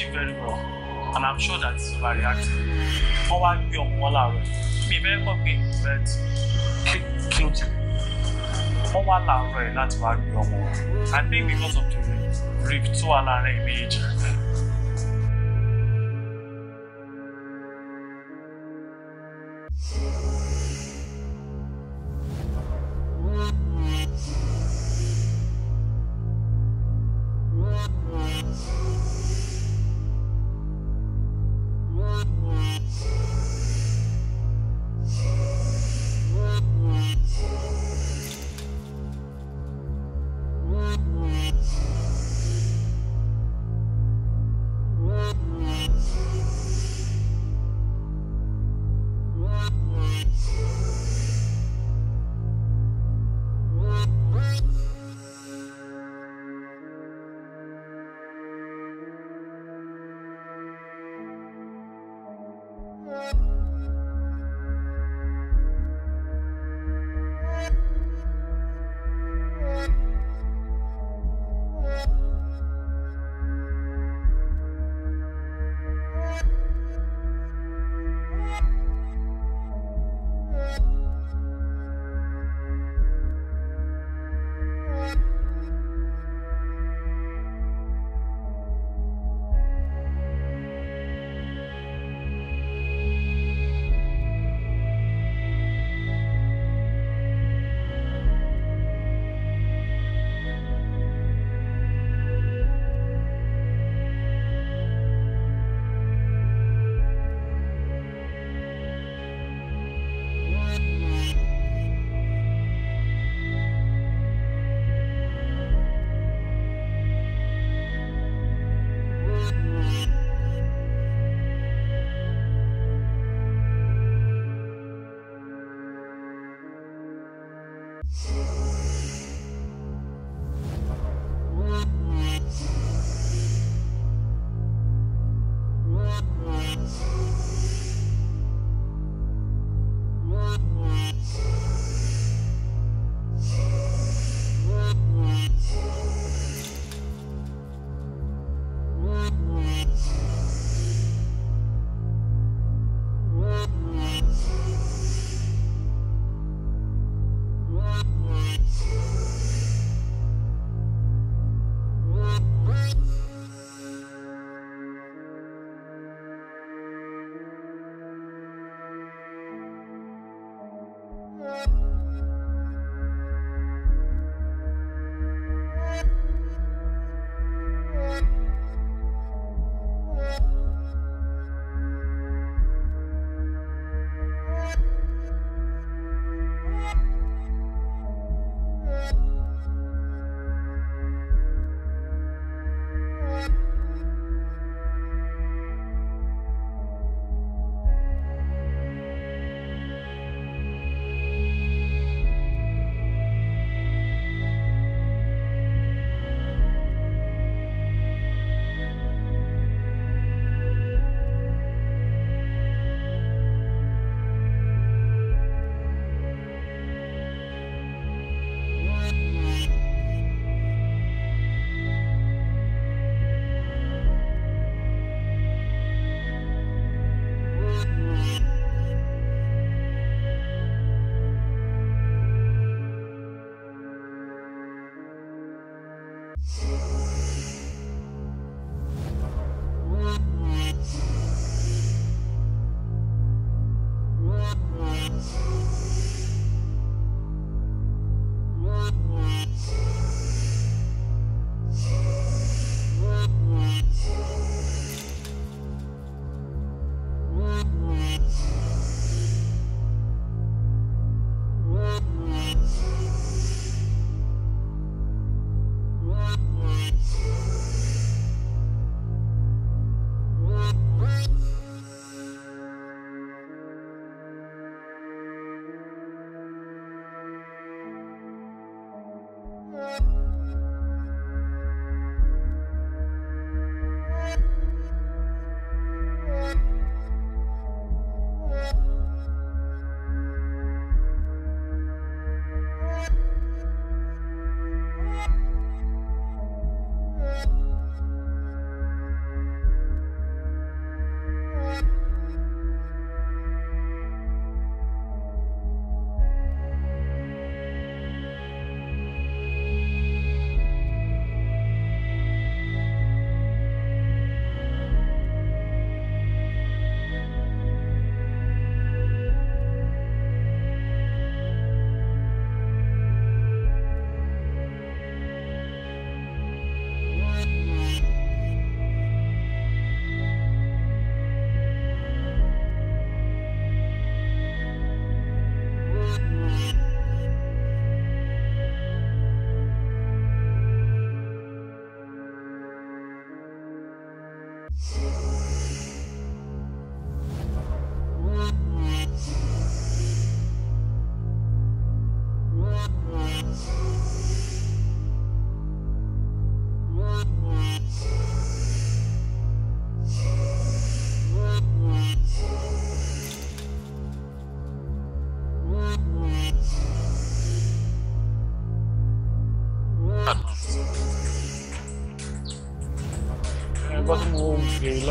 did very well and i'm sure that it's very active. wá gbé ọmọ on láàárọ̀ mi ìfẹ́ kọ́ pé but kí n jẹ wọ́n wá láàárọ̀ ẹ̀ láti wá on? i think because of the rift tó wà láàárín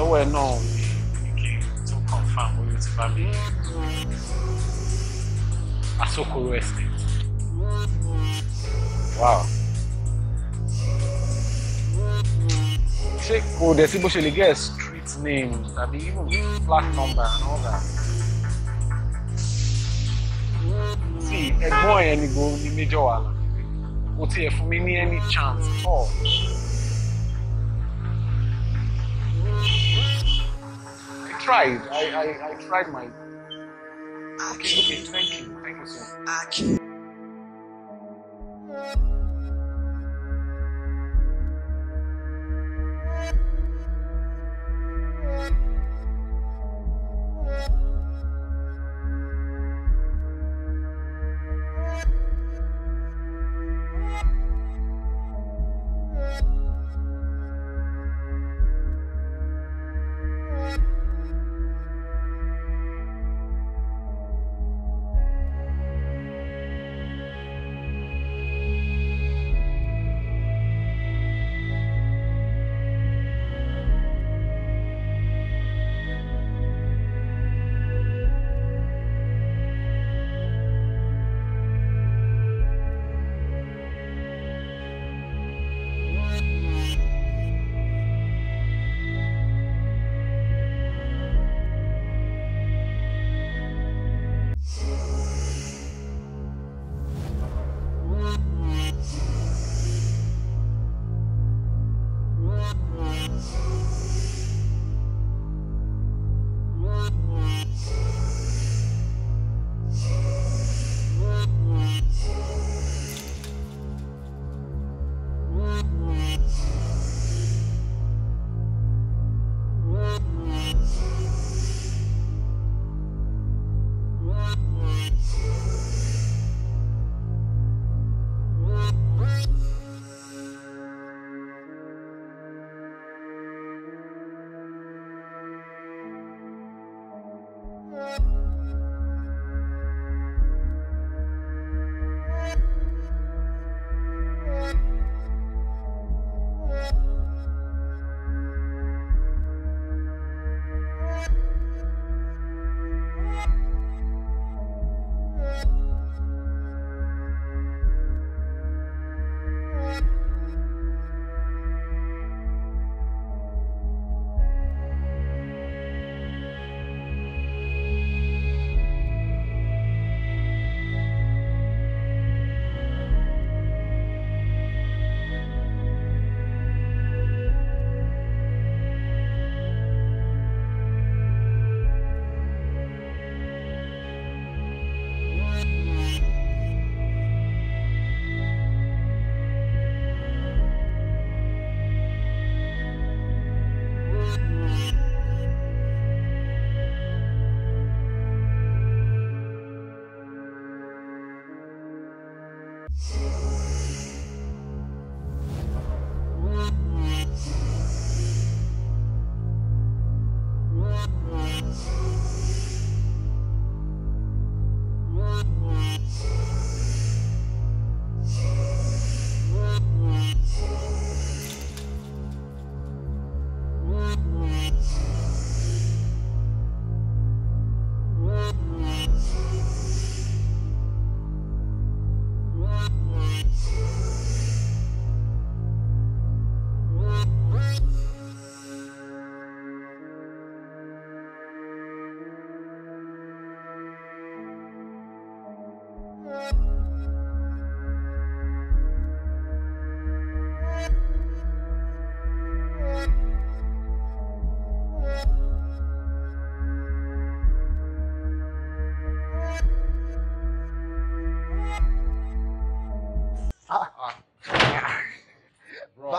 lọ́wọ́ ẹ náà. mi kì í tún confam bóyá ti bá mi. Asokoro estate. wow. ṣé kò dẹ̀ sí bó ṣe lè get street name tàbí even flat number and all that. sí ẹ̀gbọ́n ẹ̀ ni gbòó ni méjọ wà lọ kò tiẹ̀ fún mi ní any chance at all. tried. I, I, I tried my. Okay, okay, thank you. Thank you, sir.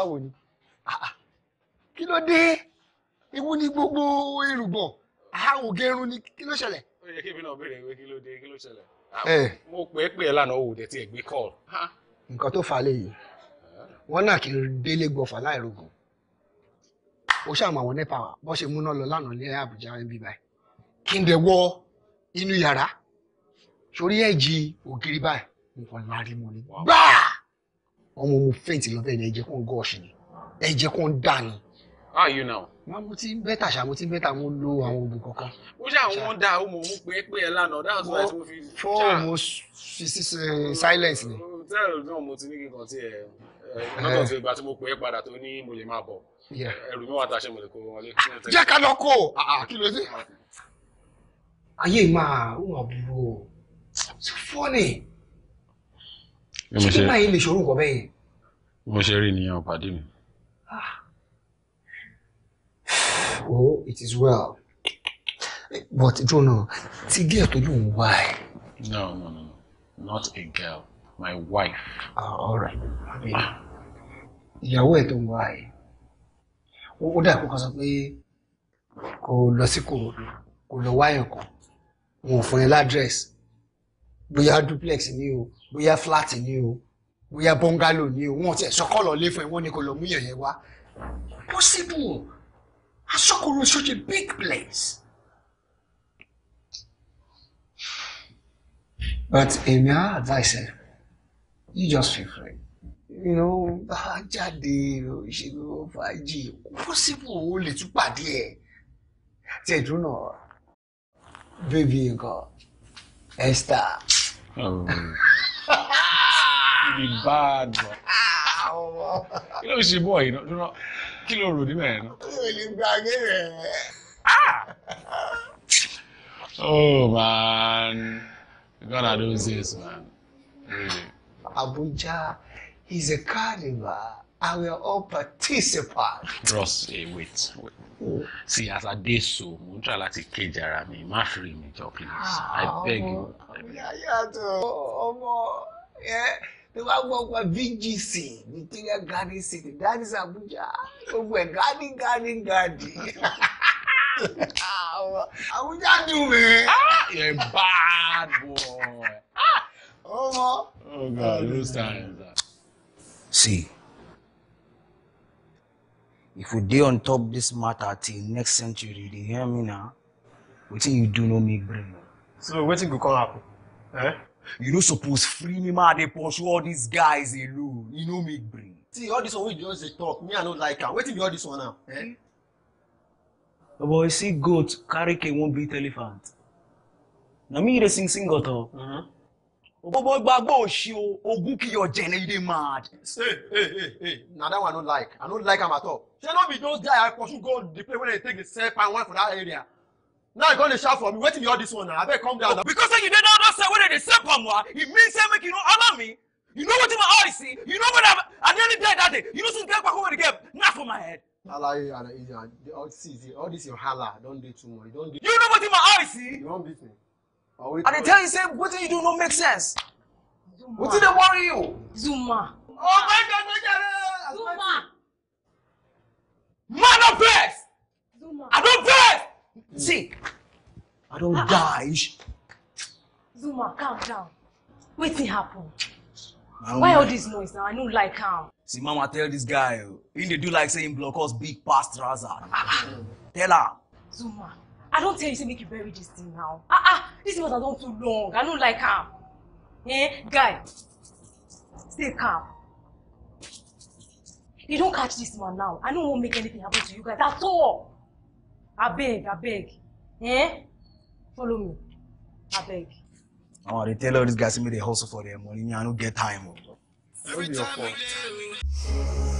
báwo ni ah, ah. kí ló dé ewu ni gbogbo erùgbọ̀n àwògẹrun ah, ni kí ló ṣẹlẹ̀. ó kí náà ló dé kí ló ṣẹlẹ̀. Eh. mo pè é pè é lánàá òwò nǹkan tó fà léyìí wọn náà kì í délé láìrògùn ṣàmù àwọn nípa bó ṣe múná lọ lánàá ní Àbújá báyìí kí inú yàrá sórí ògiri báyìí nǹkan lárí ọmọ mo faint lọ bẹ́ẹ̀ ẹ̀jẹ̀ kan gọ́ọ̀ṣì ni ẹ̀jẹ̀ kan dà ni. how are you now. máa mo ti ń bẹ́tà ṣá mo ti ń mo lo àwọn oògùn kankan. ó ṣe àwọn wọn dáa ó mọ òun pé pé ẹ lánàá that's why mo fi. fọ́ọ̀ mo fi eh, silence ni. Mm, tẹ́lẹ̀ náà mo ti ní kíkan tí ẹ lọ́tọ̀ eh, tí eh. ìgbà tí mo pè é padà tó ní mo lè máa bọ̀ ẹrù mi wà tá a ṣe mo lè kó wọlé. Ah, jẹ́ ká lọ kó ah, ah, kí ló dé. ayé máa ń wà búburú o it's funny ṣé máa yín lè ṣòro nǹkan bẹ́yẹn. mo ṣe rí nìyẹn ò pàdé mi. oh [SIGHS] it is well but jona ti gẹ́ẹ̀ tó lóun wá ẹ̀. no no no not a girl my wife. ah all right ah. ìyàwó ẹ̀ tó ń wá ẹ̀ ó dà kó kan sọ pé kó lọ sí kòròdú kó lọ wáyàn kan wọn ò fún ẹ ládírẹ́sì bóyá duplex ni o bóyá flat ni o bóyá bọ́ngálò ni o wọ́n ti ẹ̀ sọ́kọ̀lọ́ lé fún ẹ wọ́n ní kò lọ mú yẹ̀yẹ́ wá. possible Asokoro is such a big place. but èmi á advice ẹ you just feel free you know jáde ìṣèlú fàájì possible o lè tún pàdé ẹ tí ẹ dúró náà bébí nǹkan Esther. Oh. be bad man. kí ló ń ṣe bọ́ọ̀ yìí you know? ló ń rò níbẹ̀ ah! oh man God I don't this man. Really. Abuja he's a carnival. I will all participate. Trust me, wait, wait. See, as I did so, mo try láti cage ara mi, má free mi jọ, please. Ah, I beg you. Yàyàtọ̀ ọmọ ẹ ní wàá gbọ́ pa VGC Nigeria Garden City, that is Abuja, gbogbo ẹ̀ garden garden garden. Ah, Abuja dùn mí. Ah, you're a bad boy. Ọmọ. Oh God, lose time. See if we dey on top this matter till next century you dey hear me na wetin you do no make brain. so wetin go come happen. Eh? you no suppose free me ma dey pursue all these guys alone e no make brain. see all this one wey you just dey talk me i no like am wetin be all this one now. Eh? Oh, but you see goat carry cane wan beat elephant na me you dey sing sing goto. Oh. Mm -hmm. Gbogbo gbàgbọ́ òṣì o, ogun kì yọ jẹ ní mad. Hey, hey, hey, hey. Na that one I no like. I no like am at all. Shey no be those guy I pursue go the place wey they take the sell palm wine for that area. Now you come dey shout for me, wetin be all this one na? Abeg come down. Because say you dey don don say where they dey sell palm wine, ah, e mean say make you no honour me. You know wetin my eye see, you know what I'm, I nearly die that day. You know some girl kpako wey dey get knack for my head. Alaye Alaye, all this your hala don dey too much. You know wetin my eye see? You wan beat me? And they tell you, say, what you do no make sense. What did they worry you? Zuma. Oh my God, my God. Zuma. Man of faith. Zuma. I don't faith. See, I don't ah, ah. die. Zuma, calm down. Wetin happen? Why all this noise now? I no like am. See, mama tell this guy, oh, he dey do like say him block us big pass trouser. Tell her. Zuma, I don tell you say make you bury this thing now. Uh-uh. This is what I don't too long. I don't like am. Eh, guy, stay calm. You don't catch this one now. I don't want to make anything happen to you guys at all. I beg, I beg. Eh? Follow me. I beg. Oh, they tell all these guys to make a hustle for their money. I don't get time. Oh. Every time I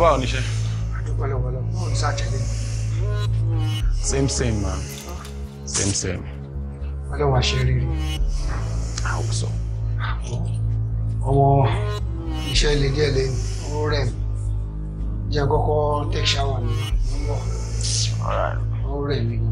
bàbá ò níṣẹ́. àdúgbòlọ́wọ́lọ́ mo ń ṣàtẹ̀lé. same same ma same same. ọlọ́wọ́ àṣírí rí. a ò sọ. ọmọ iṣẹ́ ilé díẹ̀ lé ó rẹ̀ mí jẹ́ kọ́kọ́ take shower mi. ó rẹ̀ mí gan.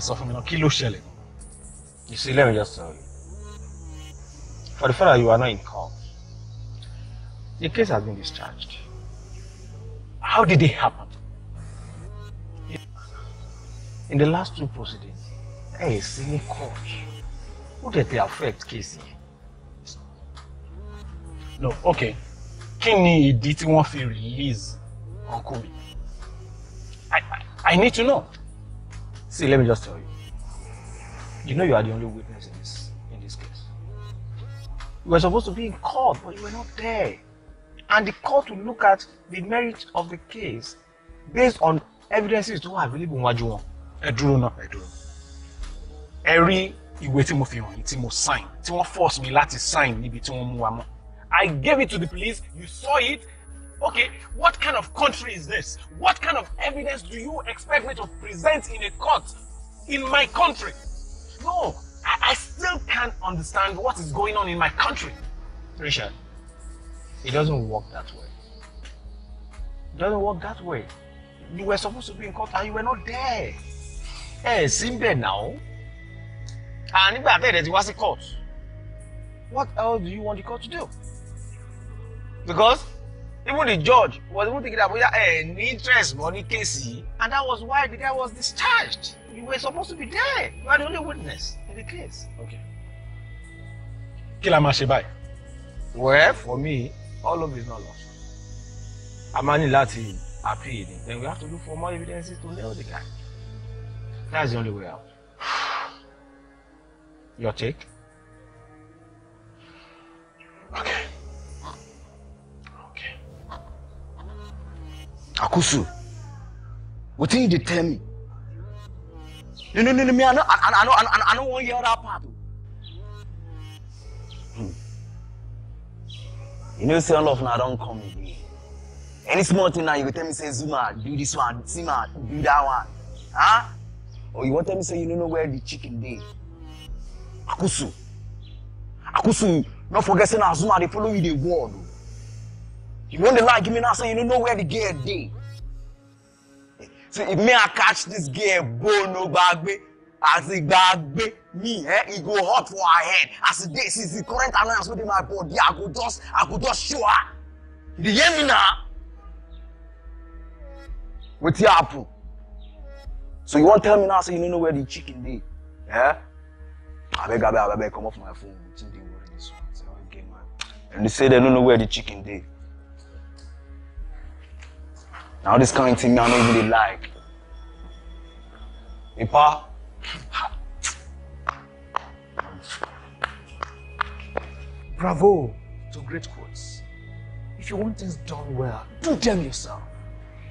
ẹ sọ fún mi náà kí ló ṣẹlẹ̀. you see let me just tell you for the fact that you are not in court the case has been discharged how did it happen in the last two proceedings ẹ ẹ court who did they affect case no okay kí did ìdí tí wọ́n release uncle I, I, I need to know. See, let me just tell you. You know you are the only witness in this in this case. You were supposed to be in court, but you were not there. And the court will look at the merit of the case based on evidences to have available níwájú wọn. Ẹ dúró náà. Ẹ dúró. Ẹ rí ìwé tí mo fi hàn yín tí mo sign tí wọ́n force me? mi láti sign níbi tí wọ́n mú wa I gave it to the police. You saw it. Okay, what kind of country is this? What kind of evidence do you expect me to present in a court in my country? No, I, I still can't understand what is going on in my country. Richard, it doesn't work that way. It doesn't work that way. You were supposed to be in court and you were not there. Hey, sí now, and náà. À nígbà tẹ̀lé ti wá sí court. What else do you want the court to do? Because even the judge was even thinking that bóyá ẹ interest money case, and that was why the guy was discharged you were supposed to be there you are the only witness in the case. okay Kill him as ṣe báyìí. well for me all of it is not lost Amani Lati ní appeal then we have to look for more evidences to nail the guy that's the only way out. [SIGHS] your take. okay. Akusu, what did you tell me? No, no, no, no, me, I know, I know, I know, I know one year apart. Hmm. You know, say love now don't come with Any small thing now you go tell me say Zuma, do this one, Zuma, do that one. Huh? Or you want tell me say you don't know where the chicken dey. Akusu. Akusu, not forget say na Zuma dey follow you dey go. You want the lie, give me now, so you don't know where the gear did. See, if me I catch this gear, no bono bagbe, as it e bagbe, me, eh, it e go hot for her head. As the is, is the current annoyance within my body, I could just, I could just show her. You hear me now? What happen? So you want tell me now, so you don't know where the chicken did, yeah? I beg, I beg, I beg, come off my phone. And they say they don't know where the chicken did. Now this kind of thing now don't really like. Ipa. Bravo to great quotes. If you want things done well, do them yourself.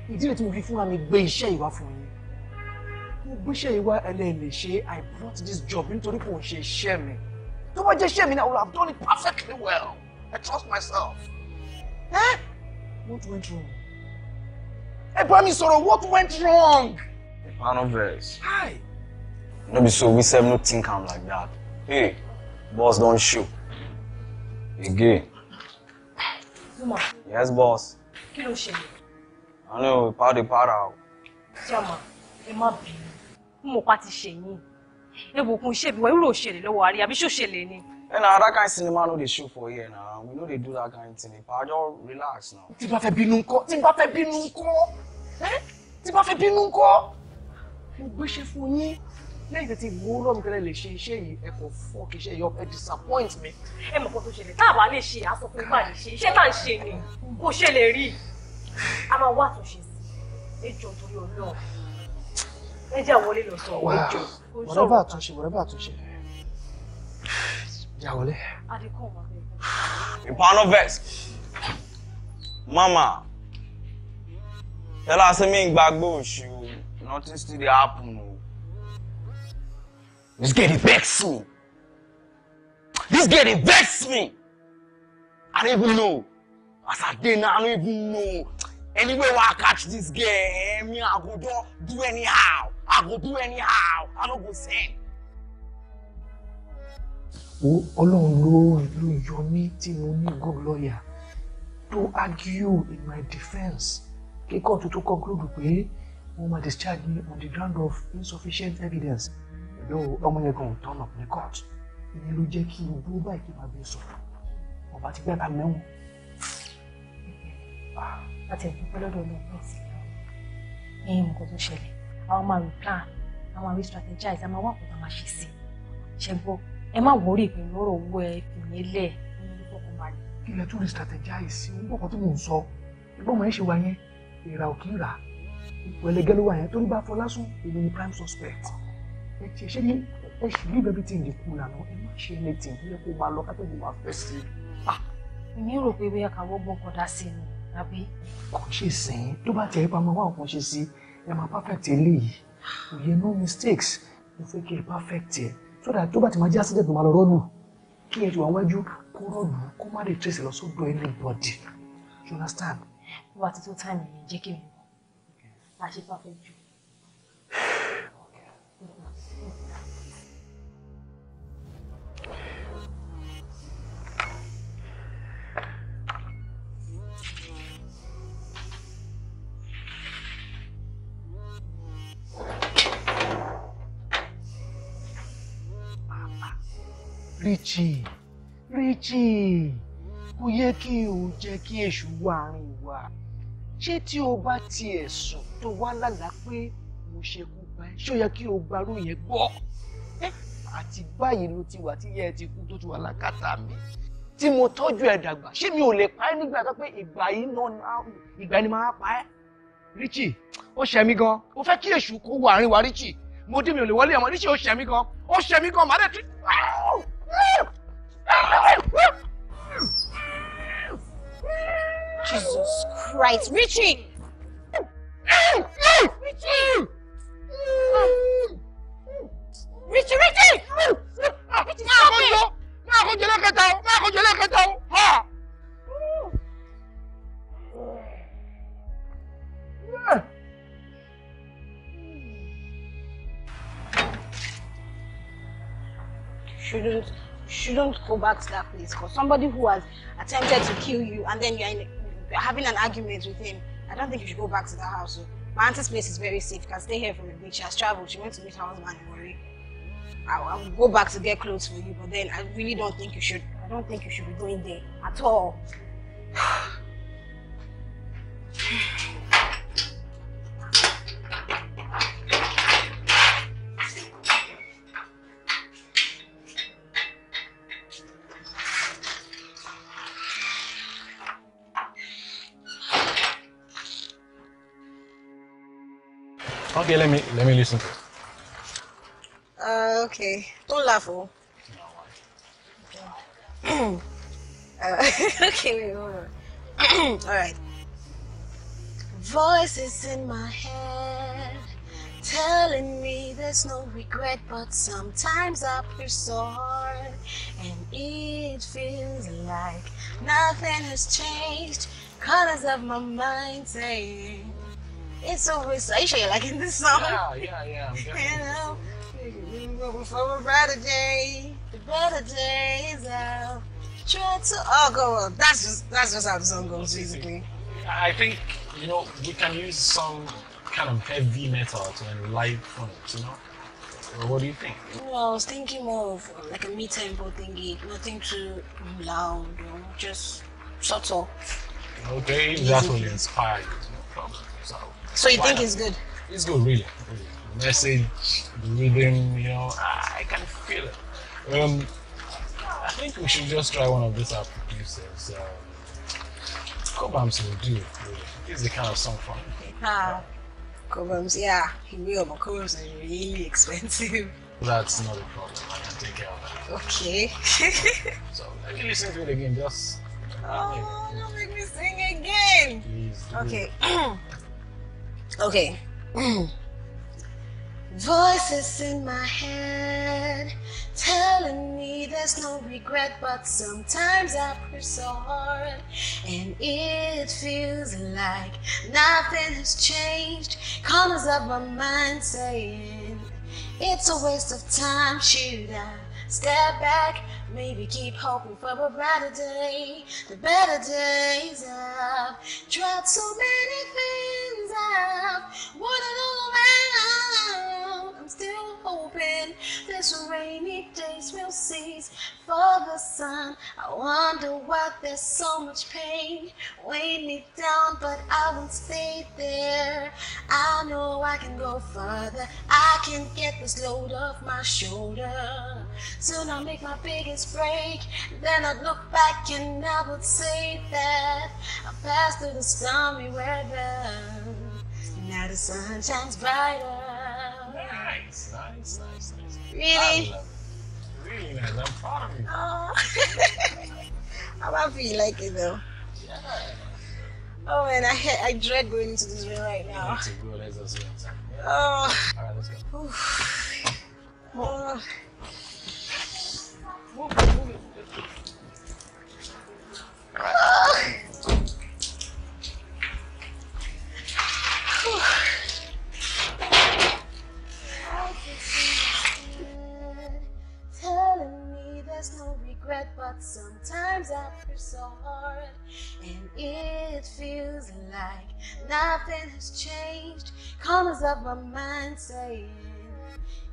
Ìdílé tí mo fi fúnra mi gbé iṣẹ́ ìwà fún yín. Mo gbé iṣẹ́ ìwà ẹlẹ́ẹ̀lẹ̀ ṣe I brought this job into the ń ṣe iṣẹ́ me. Tó bá jẹ́ iṣẹ́ mi I would have done it perfectly well. I trust myself. Eh? What went wrong? ẹ bá mi what went wrong. Pano verse. Hi. No be so we sef no think am like that. Hey, boss don't shoot. Again. Zuma. Yes, boss. Kí ló I know, pàdé para o. Jama, ẹ má bínú. Mo pa ti ṣèyìn. Ewu Why you wọ́n irú òṣèlè lọ́wọ́ àríyá bí ṣòṣèlè ni. And now uh, that kind of cinema no they shoot for here now. We know they do that kind of thing. Pa just relax now. Tí fe fẹ́ bínú ńkọ́, tí bá fẹ́ bínú ńkọ́. Eh? Tí bá fẹ́ bínú ńkọ́. Mo gbé ṣe fún yín. Lẹ́yìn tí wo lo mi kele lè ṣe iṣẹ́ yìí ẹ kò fuck iṣẹ́ yìí up ẹ disappoint me. Ẹ mọ̀ ko tó ṣe lè. Tá bá lè ṣe a sọ pé má lè ṣe. Iṣẹ́ tá ń ṣe ni. Kò ṣe lè rí. A máa wá tún ṣe sí. Ẹ jọ̀ọ́ torí Ọlọ́run. Ẹ jẹ́ wọlé lọ sọ. Ẹ jọ̀ọ́. Whatever àtúnṣe, whatever Já wọlé. Adikun ọmọ bẹ́ẹ̀. Ìpanu vex. Mama, tẹ́lá sí mi gbàgbé òṣù nothing still dey happen This girl dey me. This girl dey me. I don't even know. As I dey now, I don't even know. Anyway, wey I catch this girl, eh, me I go do anyhow. I go do anyhow. I don't go send wo ọlọ́run ló ló yọ mí tí mo ní good lawyer to argue in my defence kí kóòtù tó conclude pé wọ́n máa discharge me on the ground of insufficient evidence ló ọmọ yẹn gan turn up ní court ìyẹn ló jẹ́ kí n dúró báyìí kí n máa bẹ sọ̀rọ̀ ọba ti gbẹ́ka mẹ́wọ̀n. àti ah, ẹ̀dùnkún lọ́dọ̀ ló ń pè sí i ẹ̀yìn nǹkan tó ṣẹlẹ̀ àwọn máa replan àwọn máa re strategize àwọn máa wà kó máa ṣe sí i ṣe gbọ́ ẹ má wọrí ìpinnu ọ̀rọ̀ owó ẹ fìyẹn lẹ̀ kí lẹ tún lè strategize sí ohun kọ̀ọ̀kan tí mò ń sọ ẹgbọ́n mọ̀ ẹ́ ṣe wá yẹn ìrà ò kì í rà ipò ẹlẹgẹ́ ló wà yẹn tó ní bá fọ lásán èmi ni prime suspect ẹ ti ṣe ní ẹ ṣì ní bẹ́ẹ̀ bí tí ìdí kú lànà ẹ má ṣe ẹni tí ìdílé kó máa lọ kápẹ́ ìdí máa fẹ́ sí i. Ah! èmi rò pé bóyá káwọ́ gbọ́n kan dá sí ni àbí. kò ṣe sìn tó bá tẹ̀ ẹ́ pa máa wá nǹkan ṣe sí ẹ máa perfect eléyìí òye no mistakes mo fẹ́ kí ẹ perfect ẹ̀ sọ́dà tó bá ti máa jẹ́ accident tó máa lọ rọ́ọ̀nù kí ẹ ti wà wájú kó rọ́ọ̀nù kó má lè trace lọ sọ́dọ̀ anybody you understand. bó bá ti tó táìmù yẹn jẹ́ kí mi mọ̀ máa ṣe fáfẹ́ jù. Richie Richie kò yẹ kí o jẹ́ kí èṣù wà àárín wa ṣé tí o bá tiẹ̀ sùn tó wá lálàá pé mo ṣekú pa ẹ́ ṣé yẹ kí o gbarú yẹn gbọ́ àti báyìí ló ti wà tí yẹ ti kú tó ti wà lákàtà mi tí mo tọ́jú ẹ̀ dàgbà ṣé mi ò lè pa ẹ́ nígbà tó pé ìgbà yìí náà ìgbà ni màá pa ẹ́ Richie ó ṣẹ̀ mí gan mo fẹ́ kí èṣù kó wà àárín wa Richie mo dé mi ò lè wọlé ọmọ Richie ó ṣẹ̀ mí gan ó ṣẹ̀ mí gan màá dẹ̀ tún. Ah! Jesus Christ, Richie! Richie! Richie, Richie! Stop it! Nakakudyan ang kataw! Nakakudyan ang kataw! Ha! Shouldn't shouldn't go back to that place because somebody who has attempted to kill you and then you're, in, you're having an argument with him, I don't think you should go back to that house. So my auntie's place is very safe. You can stay here for a bit. She has traveled. She went to meet her husband in Worry. I, I will go back to get clothes for you, but then I really don't think you should. I don't think you should be going there at all. Okay, let me let me listen to it. Uh, okay. Don't laugh, oh. No, [CLEARS THROAT] uh, [LAUGHS] okay, wait, hold [CLEARS THROAT] on. All right. Voices in my head telling me there's no regret, but sometimes I push so hard and it feels like nothing has changed. Colors of my mind saying it's so sensational, like in this song. Yeah, yeah, yeah. You know, going for a brighter day. The better days out. Try to all go on. That's just that's just how the song goes, basically. I think you know we can use some kind of heavy metal to enliven it, you know. what do you think? Well, I was thinking more of like a mid-tempo thingy, nothing too loud, you know, just subtle. Okay, if that's what inspired you, no problem. So you Why think not? it's good? It's good, really. The message, the rhythm, you know, I can feel it. Um, I think we should just try one of these our producers. Um, Cobams will do. Really. It's the kind of song for me. Ah, Cobams, yeah, real, but Cobams is really expensive. [LAUGHS] That's not a problem. I can take care of that. Okay. [LAUGHS] so let me listen to it again, just. Oh, don't make me sing again. Please. Do. Okay. [CLEARS THROAT] Okay. [CLEARS THROAT] Voices in my head telling me there's no regret, but sometimes I push so hard and it feels like nothing has changed. Colors of my mind saying it's a waste of time, should I? Step back, maybe keep hoping for a brighter day. The better days I've tried so many things I've wanted all around still hoping this rainy days will cease for the sun. I wonder why there's so much pain weighing me down, but I won't stay there. I know I can go further. I can get this load off my shoulder. Soon I'll make my biggest break. Then I'd look back and I would say that I passed through the stormy weather. Now the sun shines brighter. Nice, nice, nice, nice. Really? Really nice. I'm proud of you. Oh. how about you like it though. Yeah. Oh man, I I dread going into this room right now. Me too, bro. Let's go. Yeah. Oh. All right, let's go. Oh. Move it, move it. Oh. telling me there's no regret, but sometimes I feel so hard, and it feels like nothing has changed. Corners of my mind saying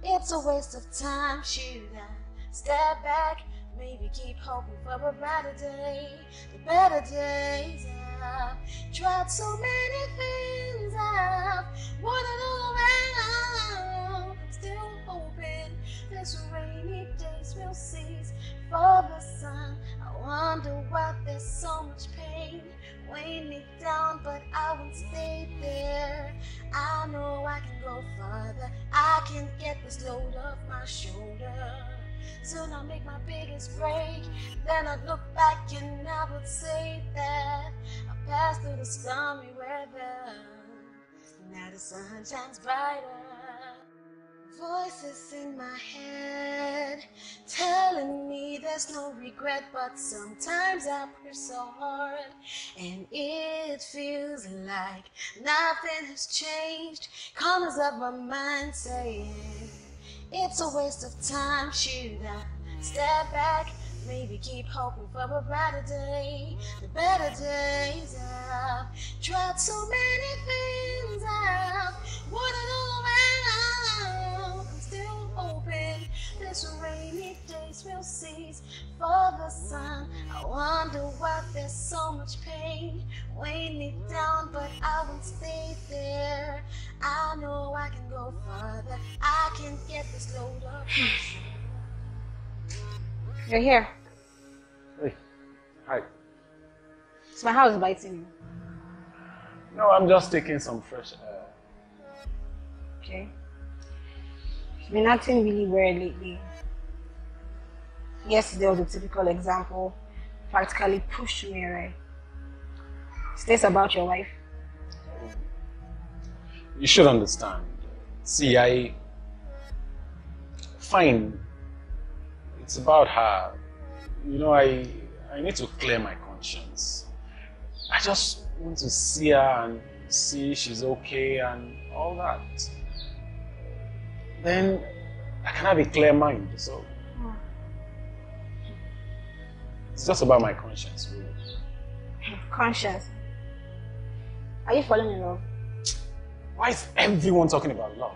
it's a waste of time. Should I step back? Maybe keep hoping for a better day, the better days. I've tried so many things. I've wanted all around, still hoping. These rainy days will cease for the sun. I wonder why there's so much pain weighing me down, but I won't stay there. I know I can go farther. I can get this load off my shoulder. Soon I'll make my biggest break. Then I'd look back and I would say that I passed through the stormy weather. Now the sun shines brighter. Voices in my head telling me there's no regret, but sometimes I push so hard and it feels like nothing has changed. Corners of my mind saying it's a waste of time. Should I step back? Maybe keep hoping for a brighter day. The better days I've tried so many things. I've wanted all my these rainy days will cease for the sun. I wonder why there's so much pain weighing me down, but I won't stay there. I know I can go farther. I can get this load off. [SIGHS] You're here. Hey. Hi. So my house biting you. No, I'm just taking some fresh air. Okay been acting really weird lately. Yesterday was a typical example, practically pushed me away. Is this about your wife? You should understand. See, I. Fine. It's about her. You know, I, I need to clear my conscience. I just want to see her and see she's okay and all that then I can have a clear mind. So it's just about my conscience, really. Conscience? Are you falling in love? Why is everyone talking about love?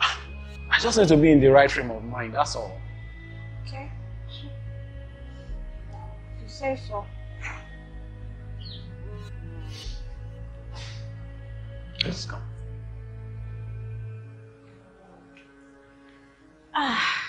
I just need to be in the right frame of mind, that's all. Okay. You say so. Let's go. Ah.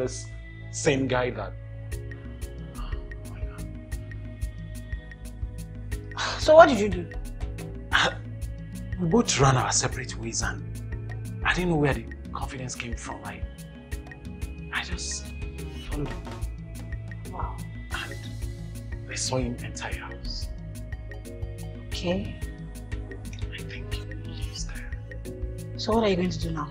this same guy that. so what did you do? we both ran our separate ways and I didn't know where the confidence came from. I, I just followed him. Wow. And I saw him enter your house. Okay. I think he lives there. So what are you going to do now?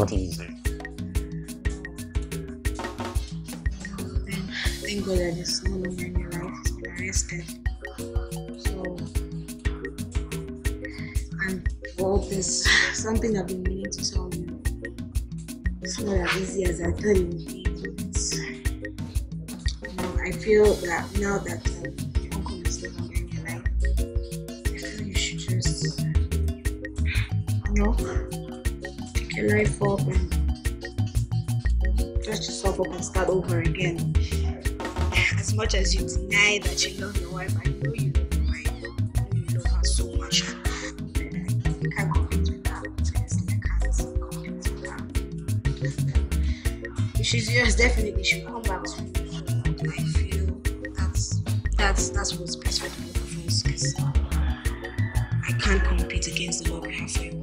not easy. Thank God that there's no longer in your life. It's been arrested. So, and all this, something I've been meaning to tell you. It's not as easy as I thought it would be. But, you know, I feel that now that um, your uncle is no longer in your life, I feel you should just, you know. Life up and just to up and start over again. As much as you deny that you love your wife, I know you love your wife. I know you love her so much. I can't compete with that. Honestly, I can't compete with that. If she's yours, definitely she'll come back to you. I feel that's that's that's what's best for the both of us because I can't compete against the love you have for your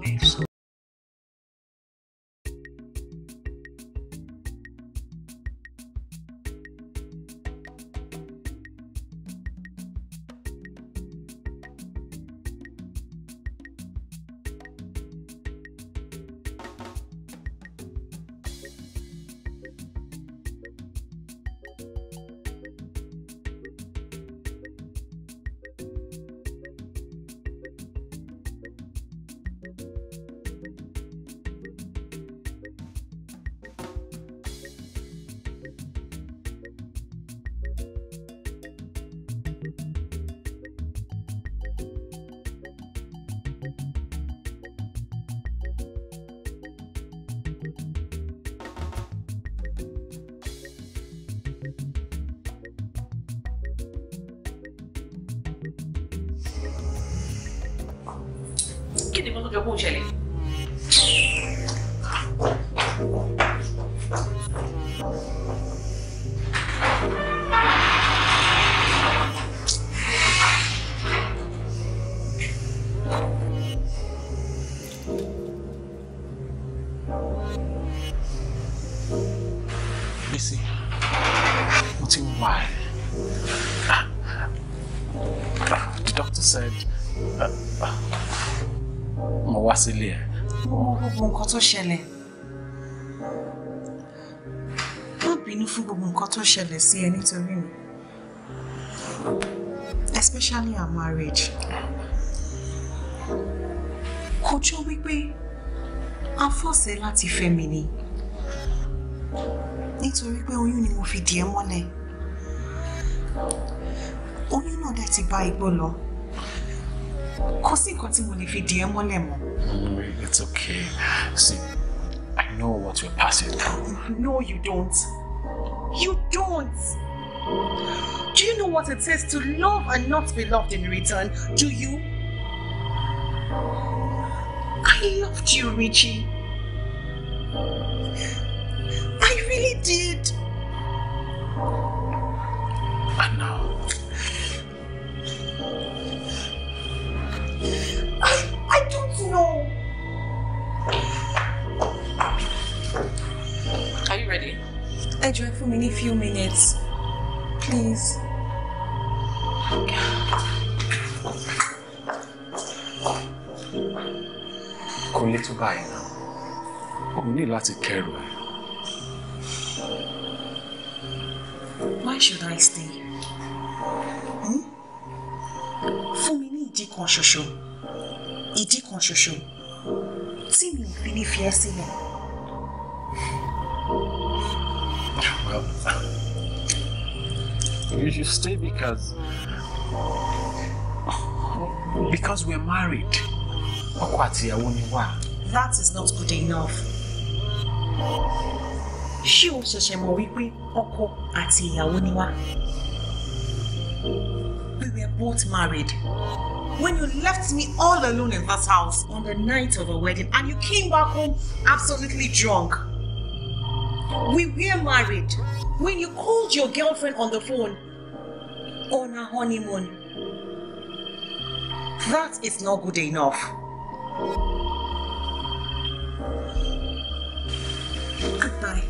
sí ẹ nítorí mi especially our marriage kò jọ wípé a fọ́ọ̀sẹ̀ láti fẹ́ mi ni nítorí pé oyún ni mo fi dì ẹ́ mọ́lẹ̀ oyún náà dẹ̀ ti bá igbó lọ kò sí nǹkan tí mo lè fi dì mọ́lẹ̀ mọ́. it's okay see i know what you're passing through. no you don't. You don't. Do you know what it says to love and not be loved in return? Do you? I loved you, Richie. ìdí kan ṣoṣo tí mi ò fi ní fi ẹ́ sílẹ̀. you should stay because because we're married. Ọkọ àti ìyàwó ni wá. That is not good enough. Ṣé o ṣẹ̀ṣẹ̀ mọ̀ wípé ọkọ àti ìyàwó ni wá? We were both married. when you left me all alone in this house on the night of a wedding and you came back home absolutely drunk. We were married when you called your girlfriend on the phone on our honeymoon. That is not good enough. Goodbye.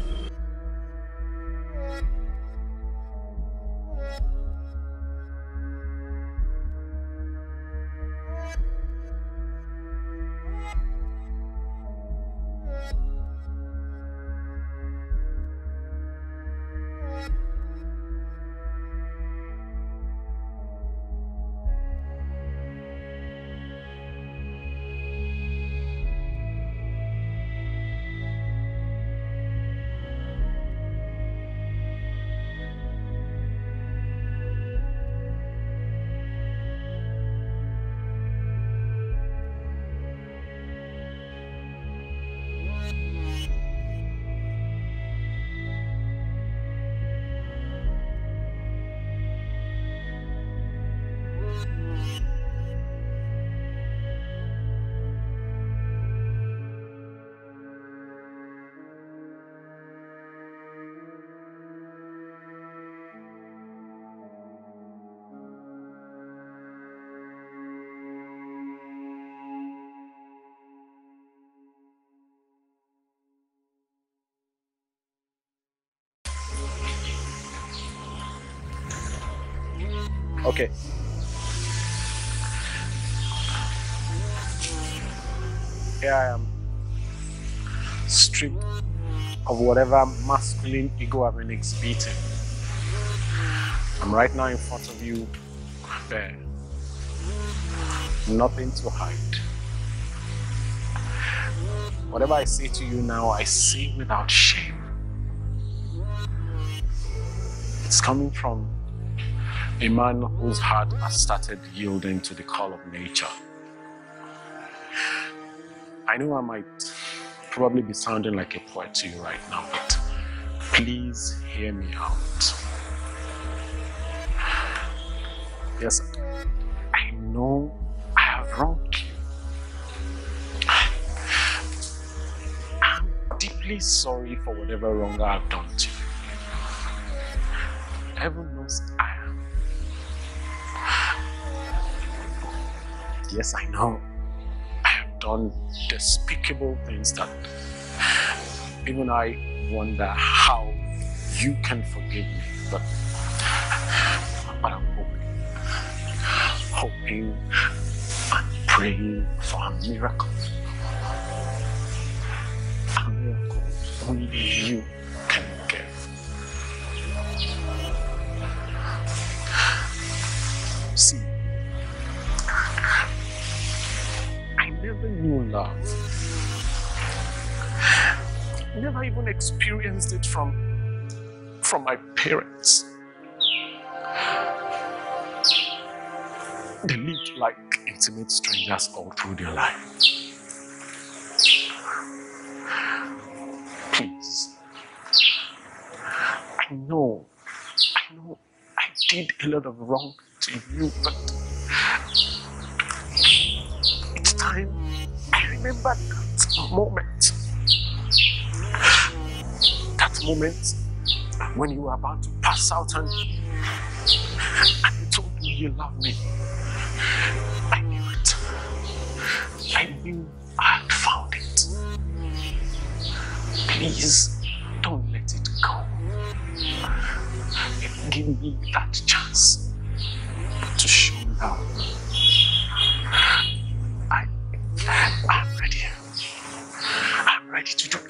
Okay. Here I am, stripped of whatever masculine ego I've been exhibiting. I'm right now in front of you, bare. Nothing to hide. Whatever I say to you now, I say without shame. It's coming from a man whose heart has started yielding to the call of nature. I know I might probably be sounding like a poet to you right now, but please hear me out. Yes, I know I have wronged you. I'm deeply sorry for whatever wrong I've done to you. Heaven knows I Yes, I know. I have done despicable things that even I wonder how you can forgive me. But, but I'm hoping, hoping and praying for a miracle. A miracle only you can give. See, the new love. Never even experienced it from, from my parents. They lived like intimate strangers all through their life. Please. I know, I know I did a lot of wrong to you, but remember that moment. That moment when you were about to pass out and, and you told me you love me. I knew it. I knew I had found it. Please don't let it go. Give me that chance to show love. It's